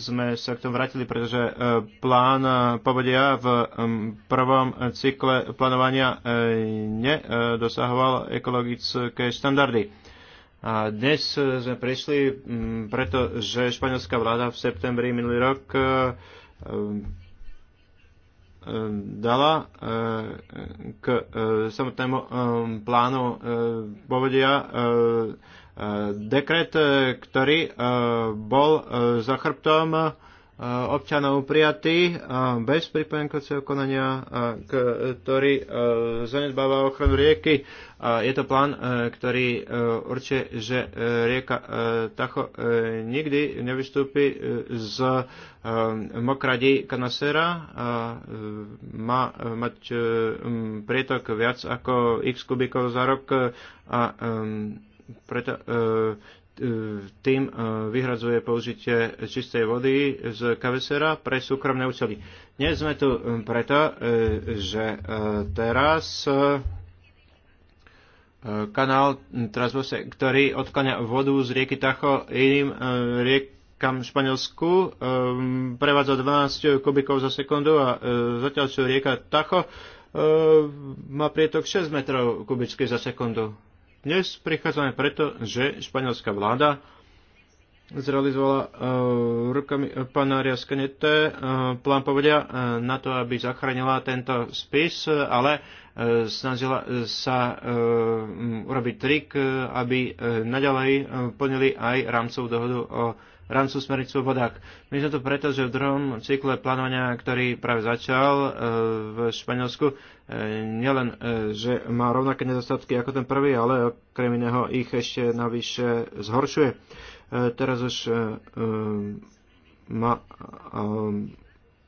sme sa k tomu vrátili, pretože e, plán e, povodia v prvom cykle plánovania e, nedosahoval ekologické štandardy. A dnes sme prišli, pretože španielská vláda v septembri minulý rok dala k samotnému plánu povedia dekret, ktorý e, bol e, za chrbtom e, občanov prijatý bez pripojenkovceho konania, ktorý zanedbáva ochranu rieky. Je to plán, ktorý určuje, že rieka Tacho nikdy nevystúpi z mokradí Kanasera. Má mať prietok viac ako x kubikov za rok a preto e, e, tým e, vyhradzuje použitie čistej vody z kavesera pre súkromné účely. Dnes sme tu preto, že teraz kanál Trasbose, ktorý odkláňa vodu z rieky Tacho iným riekam Španielsku, prevádza 12 kubikov za sekundu a zatiaľ čo rieka Tacho má prietok 6 metrov kubických za sekundu dnes prichádzame preto, že španielská vláda zrealizovala uh, rukami pána Arias uh, e, plán povedia uh, na to, aby zachránila tento spis, ale uh, snažila sa uh, urobiť trik, uh, aby uh, naďalej uh, plnili aj rámcov dohodu o uh, rámcu smernicu o vodách. My sme to preto, že v druhom cykle plánovania, ktorý práve začal e, v Španielsku, e, nielen, e, že má rovnaké nedostatky ako ten prvý, ale okrem iného ich ešte navyše zhoršuje. Teraz už má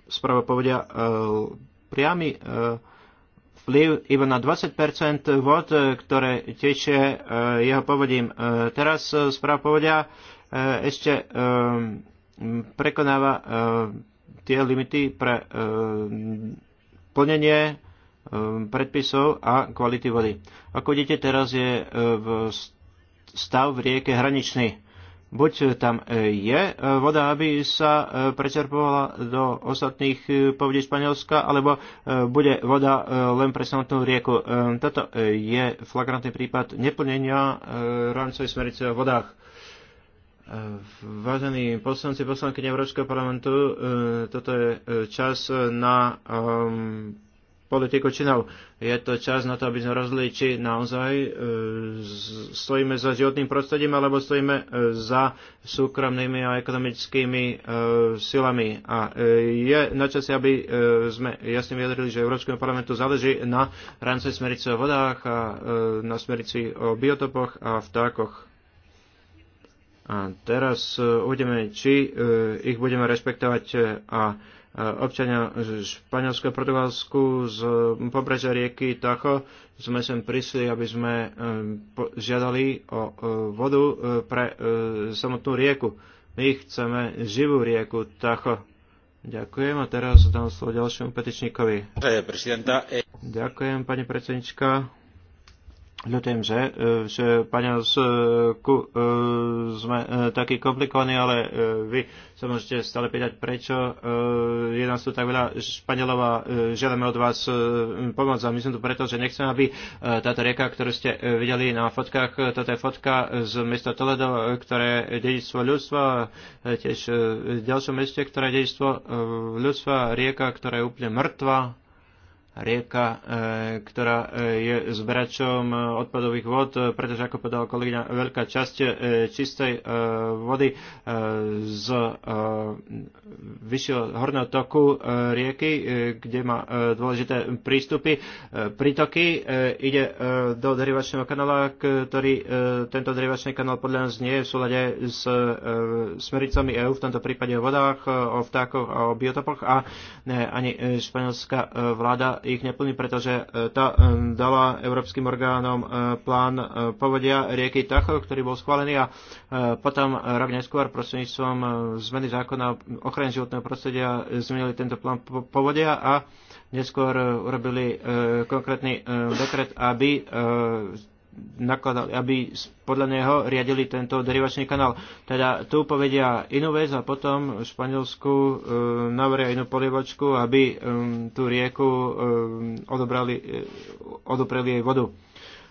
správa povedia priamy vplyv iba na 20 vod, ktoré tečie jeho povodím. Teraz správa povedia, E, ešte e, prekonáva e, tie limity pre plnenie predpisov a kvality vody. Ako vidíte, teraz je v stav v rieke hraničný. Buď tam je voda, aby sa prečerpovala do ostatných povodí Španielska, alebo bude voda len pre samotnú rieku. Toto je flagrantný prípad neplnenia rámcovej smerice o vodách. Vážení poslanci, poslanky Európskeho parlamentu, e, toto je e, čas na um, politiku činov. Je to čas na to, aby sme rozhodli, či naozaj e, stojíme za životným prostredím, alebo stojíme za súkromnými a ekonomickými silami. A je na čase, aby sme jasne vyjadrili, že Európskemu parlamentu záleží na rámci smerice o vodách a na smerici o biotopoch a vtákoch. A teraz e, uvidíme, či e, ich budeme rešpektovať e, a občania Španielsko a Portugalsku z pobrežia rieky Tacho sme sem prišli, aby sme žiadali o vodu pre samotnú rieku. My chceme živú rieku Tacho. Ďakujem a teraz dám slovo ďalšiemu petičníkovi. Ďakujem, pani predsednička. Ľudím, že e, že pani e, sme e, takí komplikovaní, ale vy sa môžete stále pýtať, prečo je nás tu tak veľa Španielov a žiadame od vás pomoc. A my sme tu preto, že nechcem, aby táto rieka, ktorú ste videli na fotkách, toto je fotka z mesta Toledo, ktoré je dedičstvo ľudstva, tiež v ďalšom meste, ktoré je dedičstvo ľudstva, rieka, ktorá je úplne mŕtva, rieka, e, ktorá e, je zberačom e, odpadových vod, pretože, ako povedala kolegyňa, veľká časť čistej vody z vyššieho horného toku rieky, kde má dôležité prístupy, prítoky, ide do derivačného kanála, ktorý tento derivačný kanál podľa nás nie je v súlade s smericami EU, v tomto prípade o vodách, o vtákoch a o biotopoch a ani španielská vláda ich neplní, pretože e, tá e, dala európskym orgánom e, plán povodia rieky Tacho, ktorý bol schválený a potom rok neskôr prostredníctvom zmeny zákona ochrany životného prostredia zmenili tento plán povodia a neskôr urobili konkrétny dekret, aby nakladali, aby podľa neho riadili tento derivačný kanál. Teda tu povedia inú vec a potom v Španielsku e, eh, navrhia inú polievočku, aby e, tú rieku e, e, odopreli jej vodu.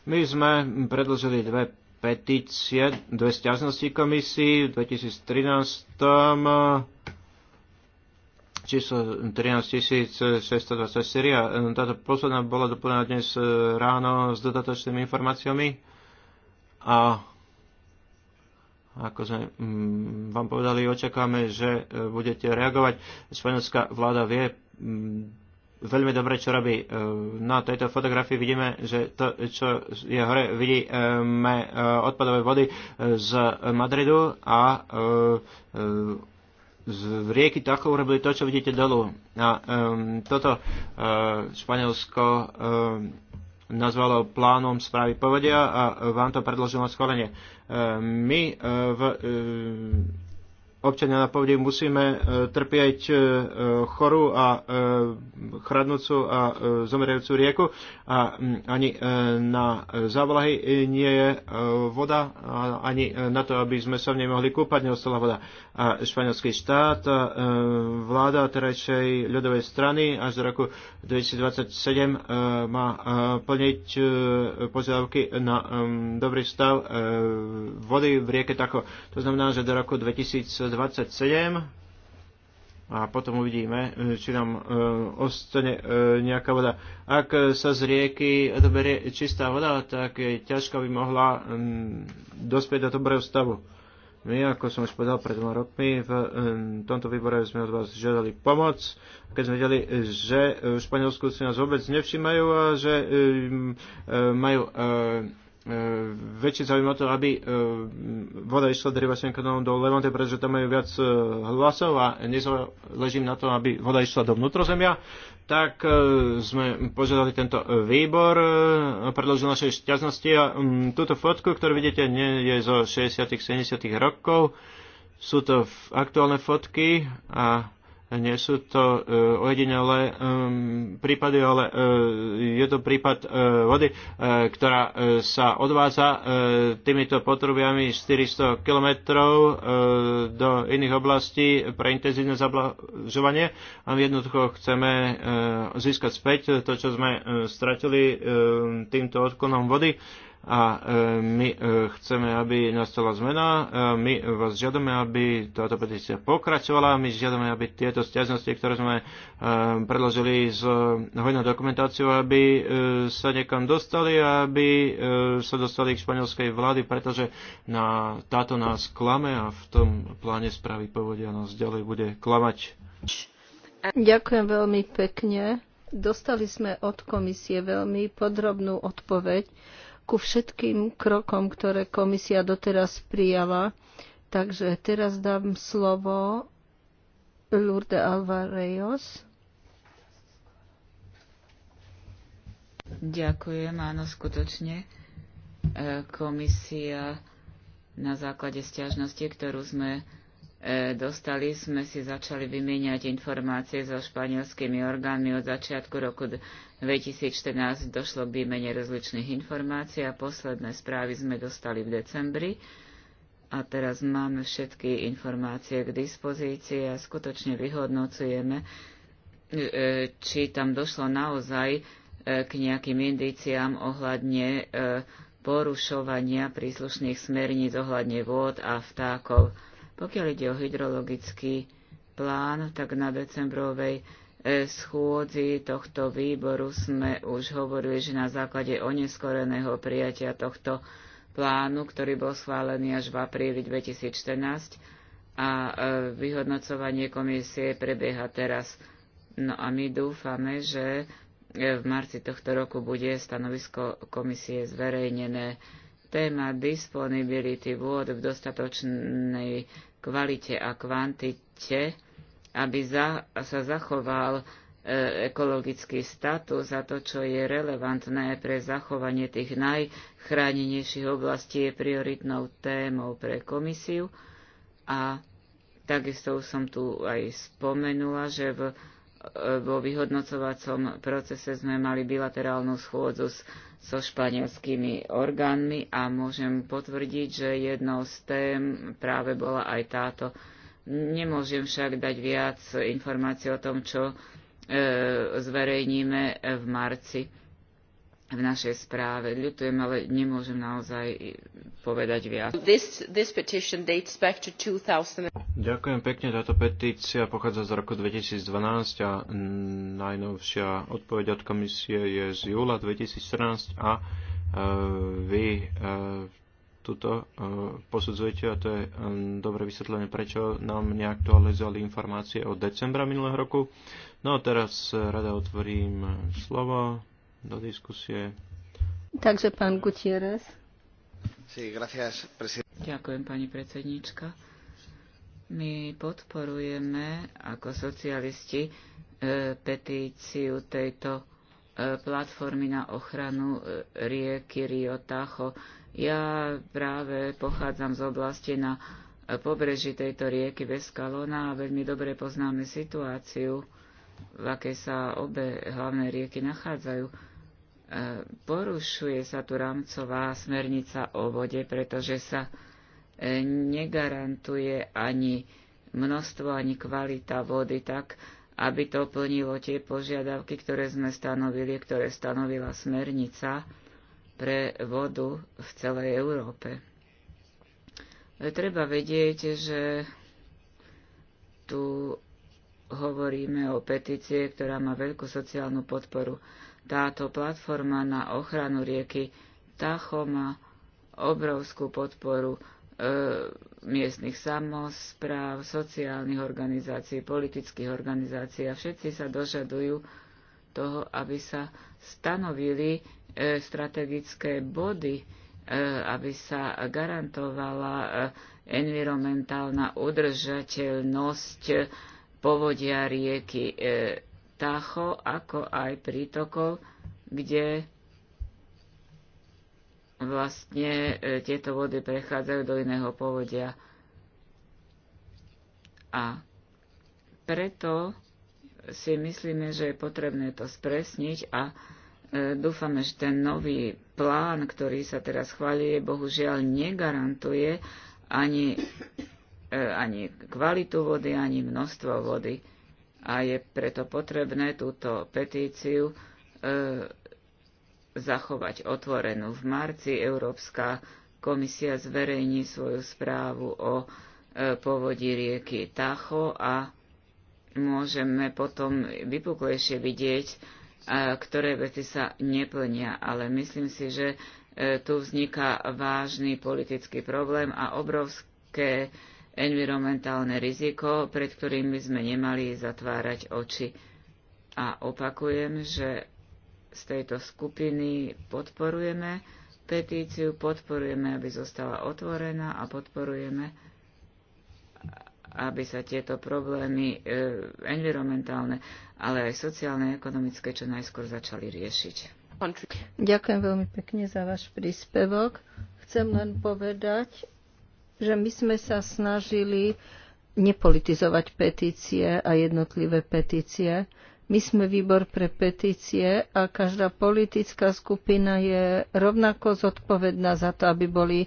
My sme predložili dve petície, dve stiažnosti komisii v 2013 číslo 13624. A e, táto posledná bola doplnená dnes e, ráno s dodatočnými informáciami. A ako sme mm, vám povedali, očakáme, že e, budete reagovať. Španielská vláda vie mm, veľmi dobre, čo robí. Na tejto fotografii vidíme, že to, čo je hore, vidíme odpadové vody z Madridu a z rieky Tacho urobili to, čo vidíte dolu. A um, toto uh, Španielsko um, nazvalo plánom správy povedia a vám to predložilo na schválenie. Uh, my uh, v, uh, občania na povde musíme e, trpieť e, e, chorú a chradnúcu a zomerajúcu rieku a ani na závlahy nie je voda, ani na to, aby sme sa v nej mohli kúpať, neostala voda. A španielský štát, vláda terajšej ľudovej strany až do roku 2027 má plniť požiadavky na dobrý stav vody v rieke Tako. To znamená, že do roku 2027 27 a potom uvidíme, eh, či nám eh, ostane eh, nejaká voda. Ak sa z rieky doberie čistá voda, tak je ťažko by mohla mm, dospieť do dobrého stavu. My, ako som už povedal pred dvoma rokmi, v mm, tomto výbore sme od vás žiadali pomoc, keď sme vedeli, že v Španielsku si nás vôbec nevšimajú a že majú E, väčšie záujem o to, aby e, voda išla derivačným kanálom do Levante, pretože tam majú viac e, hlasov a nezáležím na tom, aby voda išla do vnútrozemia, tak sme požiadali tento výbor, predložil našej šťastnosti a túto fotku, ktorú vidíte, nie je zo 60 70 rokov, sú to aktuálne fotky a nie sú to e, ojedinelé e, prípady, ale e, je to prípad vody, ktorá sa odvádza týmito potrubiami 400 km do iných oblastí pre intenzívne zablažovanie a my jednoducho chceme získať späť to, čo sme stratili týmto odklonom vody a e, my e, chceme, aby nastala zmena. E, my vás žiadame, aby táto petícia pokračovala. My žiadame, aby tieto stiažnosti, ktoré sme predložili z hojnou dokumentáciou, aby sa niekam dostali a aby sa dostali k španielskej vlády, pretože na, táto nás klame a v tom pláne spraví povodia nás ďalej bude klamať. Ďakujem veľmi pekne. Dostali sme od komisie veľmi podrobnú odpoveď ku všetkým krokom, ktoré komisia doteraz prijala. Takže teraz dám slovo Lourdes Alvarejos. Ďakujem, áno, skutočne. E, komisia na základe stiažnosti, ktorú sme E, dostali, sme si začali vymieňať informácie so španielskými orgánmi od začiatku roku 2014. Došlo k výmene rozličných informácií a posledné správy sme dostali v decembri. A teraz máme všetky informácie k dispozícii a skutočne vyhodnocujeme, e, či tam došlo naozaj e, k nejakým indíciám ohľadne porušovania príslušných smerníc ohľadne vôd a vtákov. Pokiaľ ide o hydrologický plán, tak na decembrovej e, schôdzi tohto výboru sme už hovorili, že na základe oneskoreného prijatia tohto plánu, ktorý bol schválený až v apríli 2014 a e, vyhodnocovanie komisie prebieha teraz. No a my dúfame, že e, v marci tohto roku bude stanovisko komisie zverejnené. Téma disponibility vôd v dostatočnej kvalite a kvantite, aby za, sa zachoval e, ekologický status a to, čo je relevantné pre zachovanie tých najchránenejších oblastí, je prioritnou témou pre komisiu. A takisto som tu aj spomenula, že v vo vyhodnocovacom procese sme mali bilaterálnu schôdzu s, so španielskými orgánmi a môžem potvrdiť, že jednou z tém práve bola aj táto. Nemôžem však dať viac informácií o tom, čo e, zverejníme v marci v našej správe. Ľutujem, ale nemôžem naozaj povedať viac. This, this petition dates back to 2000. Ďakujem pekne. Táto petícia pochádza z roku 2012 a najnovšia odpoveď od komisie je z júla 2014 a uh, vy uh, tuto uh, posudzujete a to je um, dobre vysvetlenie, prečo nám neaktualizovali informácie od decembra minulého roku. No a teraz rada otvorím slovo do diskusie. Takže pán Gutierrez. Sí, gracias, Ďakujem, pani predsedníčka. My podporujeme ako socialisti e, petíciu tejto e, platformy na ochranu e, rieky Rio Tacho. Ja práve pochádzam z oblasti na e, pobreží tejto rieky Veskalona a veľmi dobre poznáme situáciu, v akej sa obe hlavné rieky nachádzajú E, porušuje sa tu rámcová smernica o vode, pretože sa e, negarantuje ani množstvo, ani kvalita vody tak, aby to plnilo tie požiadavky, ktoré sme stanovili, ktoré stanovila smernica pre vodu v celej Európe. E, treba vedieť, že tu hovoríme o petície, ktorá má veľkú sociálnu podporu. Táto platforma na ochranu rieky Tacho má obrovskú podporu e, miestnych samozpráv, sociálnych organizácií, politických organizácií a všetci sa dožadujú toho, aby sa stanovili e, strategické body, e, aby sa garantovala e, environmentálna udržateľnosť povodia rieky e, Tacho, ako aj prítokov, kde vlastne e, tieto vody prechádzajú do iného povodia. A preto si myslíme, že je potrebné to spresniť a e, dúfame, že ten nový plán, ktorý sa teraz chváli, bohužiaľ negarantuje ani, e, ani kvalitu vody, ani množstvo vody a je preto potrebné túto petíciu e, zachovať otvorenú. V marci Európska komisia zverejní svoju správu o e, povodí rieky Tacho a môžeme potom vypuklejšie vidieť, e, ktoré veci sa neplnia. Ale myslím si, že e, tu vzniká vážny politický problém a obrovské environmentálne riziko, pred ktorým by sme nemali zatvárať oči. A opakujem, že z tejto skupiny podporujeme petíciu, podporujeme, aby zostala otvorená a podporujeme, aby sa tieto problémy e, environmentálne, ale aj sociálne a ekonomické čo najskôr začali riešiť. Ďakujem veľmi pekne za váš príspevok. Chcem len povedať, že my sme sa snažili nepolitizovať petície a jednotlivé petície. My sme výbor pre petície a každá politická skupina je rovnako zodpovedná za to, aby boli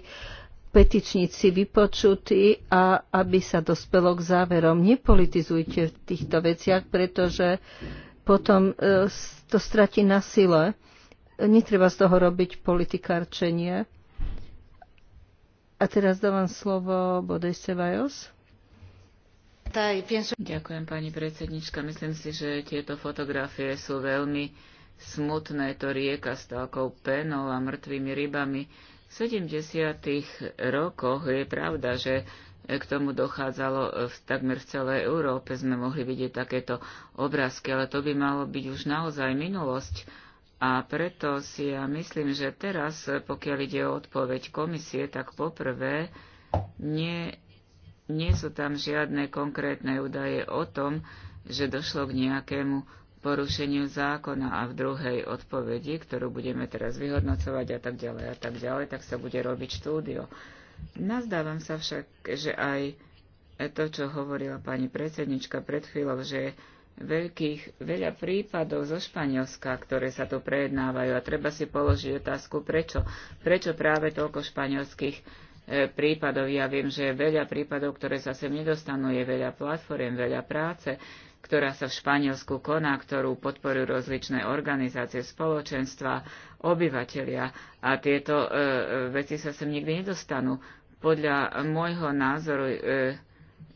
petičníci vypočutí a aby sa dospelo k záverom. Nepolitizujte v týchto veciach, pretože potom e, to stratí na sile. Netreba z toho robiť politikárčenie. A teraz dávam slovo Bodej Sevajos. Ďakujem, pani predsednička. Myslím si, že tieto fotografie sú veľmi smutné. To rieka s takou penou a mŕtvými rybami. V 70. rokoch je pravda, že k tomu dochádzalo v, takmer v celej Európe. Sme mohli vidieť takéto obrázky, ale to by malo byť už naozaj minulosť a preto si ja myslím, že teraz, pokiaľ ide o odpoveď komisie, tak poprvé nie, nie sú tam žiadne konkrétne údaje o tom, že došlo k nejakému porušeniu zákona a v druhej odpovedi, ktorú budeme teraz vyhodnocovať a tak ďalej a tak ďalej, tak sa bude robiť štúdio. Nazdávam sa však, že aj to, čo hovorila pani predsednička pred chvíľou, že veľkých, veľa prípadov zo Španielska, ktoré sa tu prejednávajú a treba si položiť otázku, prečo. Prečo práve toľko španielských e, prípadov? Ja viem, že je veľa prípadov, ktoré sa sem nedostanú, je veľa platform, veľa práce, ktorá sa v Španielsku koná, ktorú podporujú rozličné organizácie, spoločenstva, obyvateľia a tieto e, e, veci sa sem nikdy nedostanú. Podľa môjho názoru e,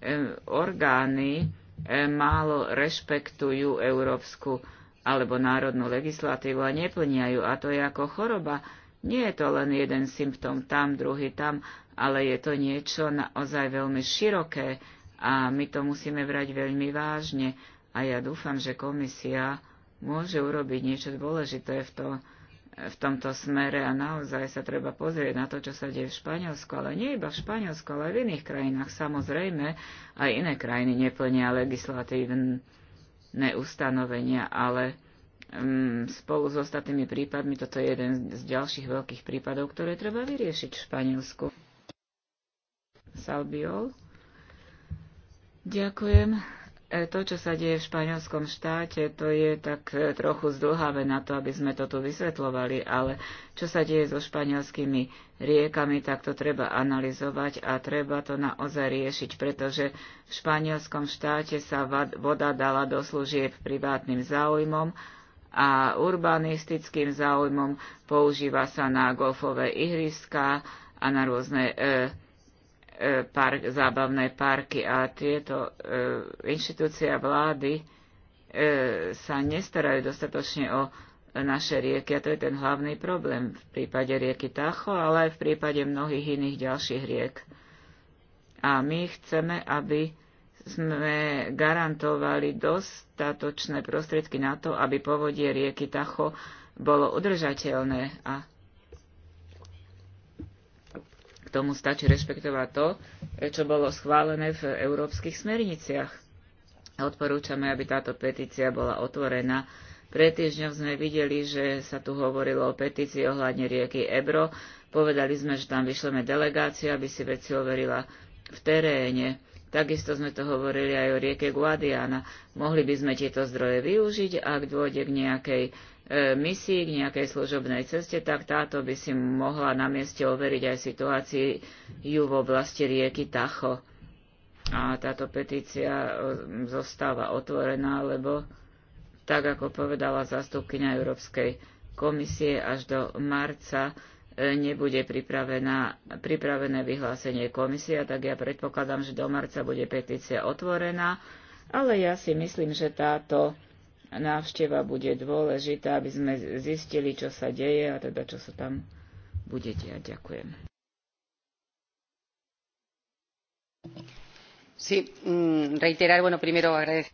e, orgány, E, málo rešpektujú európsku alebo národnú legislatívu a neplnia ju. A to je ako choroba. Nie je to len jeden symptóm tam, druhý tam, ale je to niečo naozaj veľmi široké a my to musíme brať veľmi vážne. A ja dúfam, že komisia môže urobiť niečo dôležité v tom, v tomto smere a naozaj sa treba pozrieť na to, čo sa deje v Španielsku, ale nie iba v Španielsku, ale aj v iných krajinách. Samozrejme, aj iné krajiny neplnia legislatívne ustanovenia, ale um, spolu s ostatnými prípadmi toto je jeden z ďalších veľkých prípadov, ktoré treba vyriešiť v Španielsku. Salbiol. Ďakujem. E, to, čo sa deje v španielskom štáte, to je tak e, trochu zdlhavé na to, aby sme to tu vysvetlovali, ale čo sa deje so španielskými riekami, tak to treba analyzovať a treba to naozaj riešiť, pretože v španielskom štáte sa voda dala do služieb privátnym záujmom a urbanistickým záujmom používa sa na golfové ihriská a na rôzne e, park, zábavné parky a tieto e, inštitúcia vlády e, sa nestarajú dostatočne o naše rieky a to je ten hlavný problém v prípade rieky Tacho, ale aj v prípade mnohých iných ďalších riek. A my chceme, aby sme garantovali dostatočné prostriedky na to, aby povodie rieky Tacho bolo udržateľné a k tomu stačí rešpektovať to, čo bolo schválené v európskych smerniciach. Odporúčame, aby táto petícia bola otvorená. Pred týždňom sme videli, že sa tu hovorilo o petícii ohľadne rieky Ebro. Povedali sme, že tam vyšleme delegáciu, aby si veci overila v teréne. Takisto sme to hovorili aj o rieke Guadiana. Mohli by sme tieto zdroje využiť, ak dôjde k nejakej misii k nejakej služobnej ceste, tak táto by si mohla na mieste overiť aj situáciu v oblasti rieky Tacho. A táto petícia e, zostáva otvorená, lebo tak ako povedala zástupkynia Európskej komisie, až do marca e, nebude pripravené vyhlásenie komisia, tak ja predpokladám, že do marca bude petícia otvorená, ale ja si myslím, že táto návšteva bude dôležitá, aby sme zistili, čo sa deje a teda čo sa tam bude diať. Ďakujem. Sí, mm, reiterar, bueno, primero agradecer.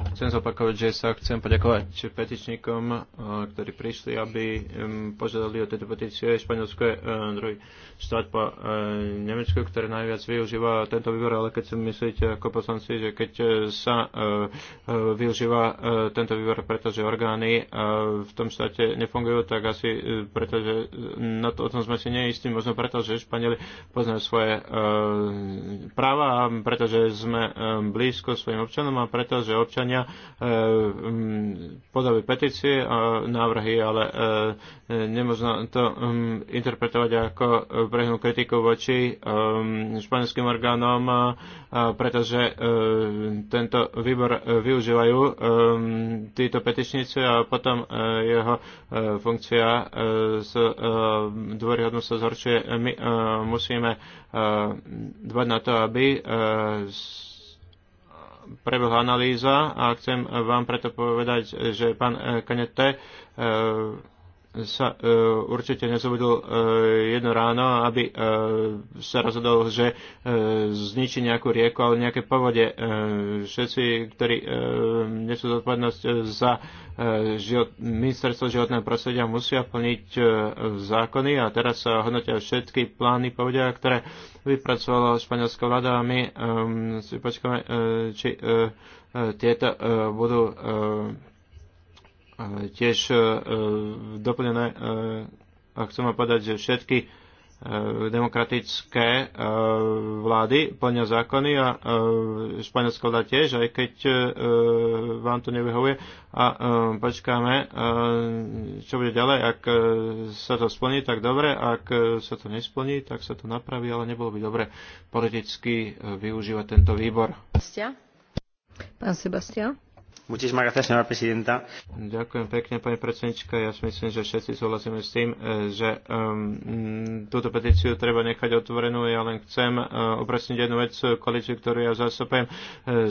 Chcem zopakovať, že sa chcem poďakovať petičníkom, eh, ktorí prišli, aby požiadali o tieto petície. Španielsko je eh, druhý štát po eh, Nemecku, ktoré najviac využíva tento výbor, ale keď si myslíte ako poslanci, že keď sa využíva tento výbor, pretože orgány v tom štáte nefungujú, tak asi pretože na to, o tom sme si neistí, možno preto, že Španieli poznajú svoje práva, pretože sme blízko svojim občanom a preto, že občania rokovania e, mm, podoby petície a návrhy, ale e, nemôžno to mm, interpretovať ako prehnú kritiku voči e, španielským orgánom, pretože tento výbor využívajú títo petičníci a potom jeho funkcia z dôryhodnosť sa zhoršuje. My musíme dbať na to, aby prebehla analýza a chcem vám preto povedať, že pán Kanete eh, sa uh, určite nezobudil uh, jedno ráno, aby uh, sa rozhodol, že uh, zničí nejakú rieku alebo nejaké povode. Uh, všetci, ktorí uh, nesú zodpovednosť za uh, život, ministerstvo životného prostredia, musia plniť uh, zákony a teraz sa hodnotia všetky plány povodia, ktoré vypracovala španielská vláda a my um, si počkáme, uh, či uh, tieto uh, budú Uh, tiež e, e, doplnené e, a chcem vám povedať, že všetky demokratické vlády plnia zákony a Španielsko vláda tiež, aj keď vám to nevyhovuje. A počkáme, čo bude ďalej. Ak sa to splní, tak dobre. Ak sa to nesplní, tak sa to napraví, ale nebolo by dobre politicky využívať tento výbor. Pán Sebastian. Ďakujem pekne, pani predsednička. Ja si myslím, že všetci súhlasíme s tým, eh, že um, túto petíciu treba nechať otvorenú. Ja len chcem uh, upresniť jednu vec. Koalíciu, ktorú ja zastupujem, uh,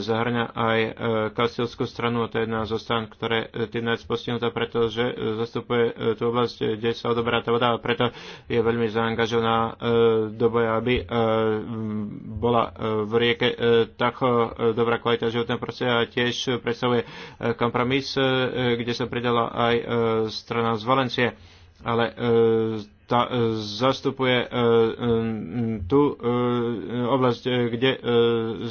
zahrňa aj uh, kastilskú stranu. To je jedna zo stran, ktoré je tým najviac postihnutá, pretože zastupuje uh, tú oblasť, kde sa odoberá tá voda a preto je veľmi zaangažovaná uh, do boja, aby uh, bola uh, v rieke uh, tak uh, dobrá kvalita životného prostredia a tiež predstavuje E, kompromis, e, kde sa pridala aj e, strana z Valencie. Ale tá, zastupuje tú oblasť, kde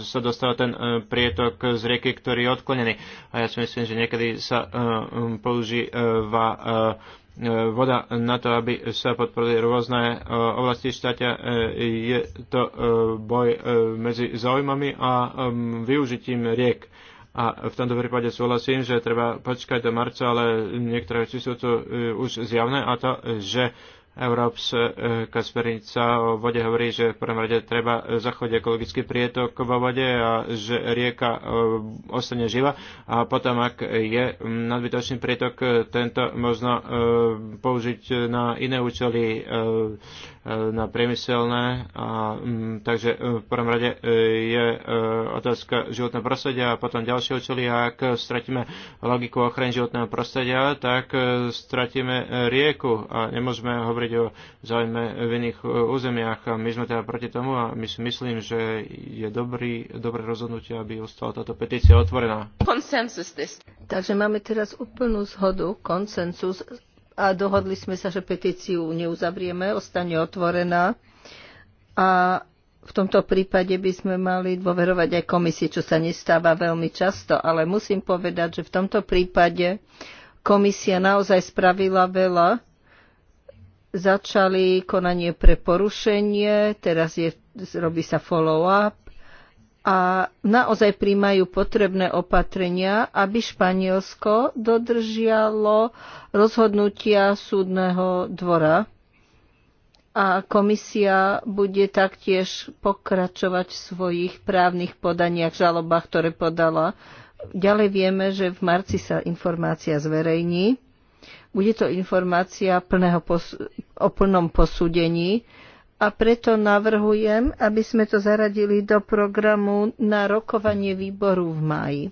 sa dostal ten prietok z rieky, ktorý je odklonený. A ja si myslím, že niekedy sa používa voda na to, aby sa podporili rôzne oblasti štátia. Je to boj medzi záujmami a využitím riek a v tomto prípade súhlasím, že treba počkať do marca, ale niektoré veci sú tu e, už zjavné a to, že Európska smernica o vode hovorí, že v prvom rade treba zachovať ekologický prietok vo vode a že rieka eh, ostane živa a potom, ak je nadbytočný prietok, tento možno eh, použiť na iné účely, eh, na priemyselné. A, mm, takže v prvom rade je otázka životného prostredia a potom ďalšie účely. A ak stratíme logiku ochrany životného prostredia, tak stratíme rieku a nemôžeme hovoriť hovoriť o záujme v iných e, územiach. My sme teda proti tomu a my si myslím, že je dobrý, dobré rozhodnutie, aby ostala táto petícia otvorená. Takže máme teraz úplnú zhodu, konsensus a dohodli sme sa, že petíciu neuzavrieme, ostane otvorená a v tomto prípade by sme mali dôverovať aj komisii, čo sa nestáva veľmi často, ale musím povedať, že v tomto prípade komisia naozaj spravila veľa začali konanie pre porušenie, teraz je, robí sa follow-up a naozaj príjmajú potrebné opatrenia, aby Španielsko dodržialo rozhodnutia súdneho dvora. A komisia bude taktiež pokračovať v svojich právnych podaniach, žalobách, ktoré podala. Ďalej vieme, že v marci sa informácia zverejní bude to informácia plného o plnom posúdení a preto navrhujem, aby sme to zaradili do programu na rokovanie výboru v máji.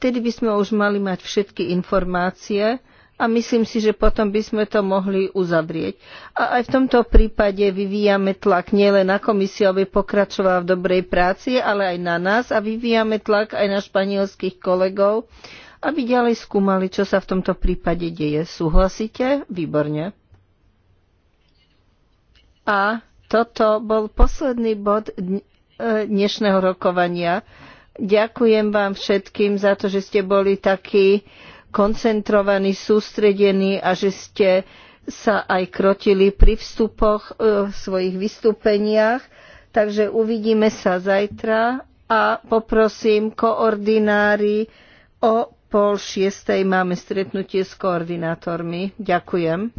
Vtedy by sme už mali mať všetky informácie a myslím si, že potom by sme to mohli uzavrieť. A aj v tomto prípade vyvíjame tlak nielen na komisiu, aby pokračovala v dobrej práci, ale aj na nás a vyvíjame tlak aj na španielských kolegov, aby ďalej skúmali, čo sa v tomto prípade deje. Súhlasíte? Výborne. A toto bol posledný bod e, dnešného rokovania. Ďakujem vám všetkým za to, že ste boli takí koncentrovaní, sústredení a že ste sa aj krotili pri vstupoch e, v svojich vystúpeniach. Takže uvidíme sa zajtra a poprosím koordinári o pol šiestej máme stretnutie s koordinátormi. Ďakujem.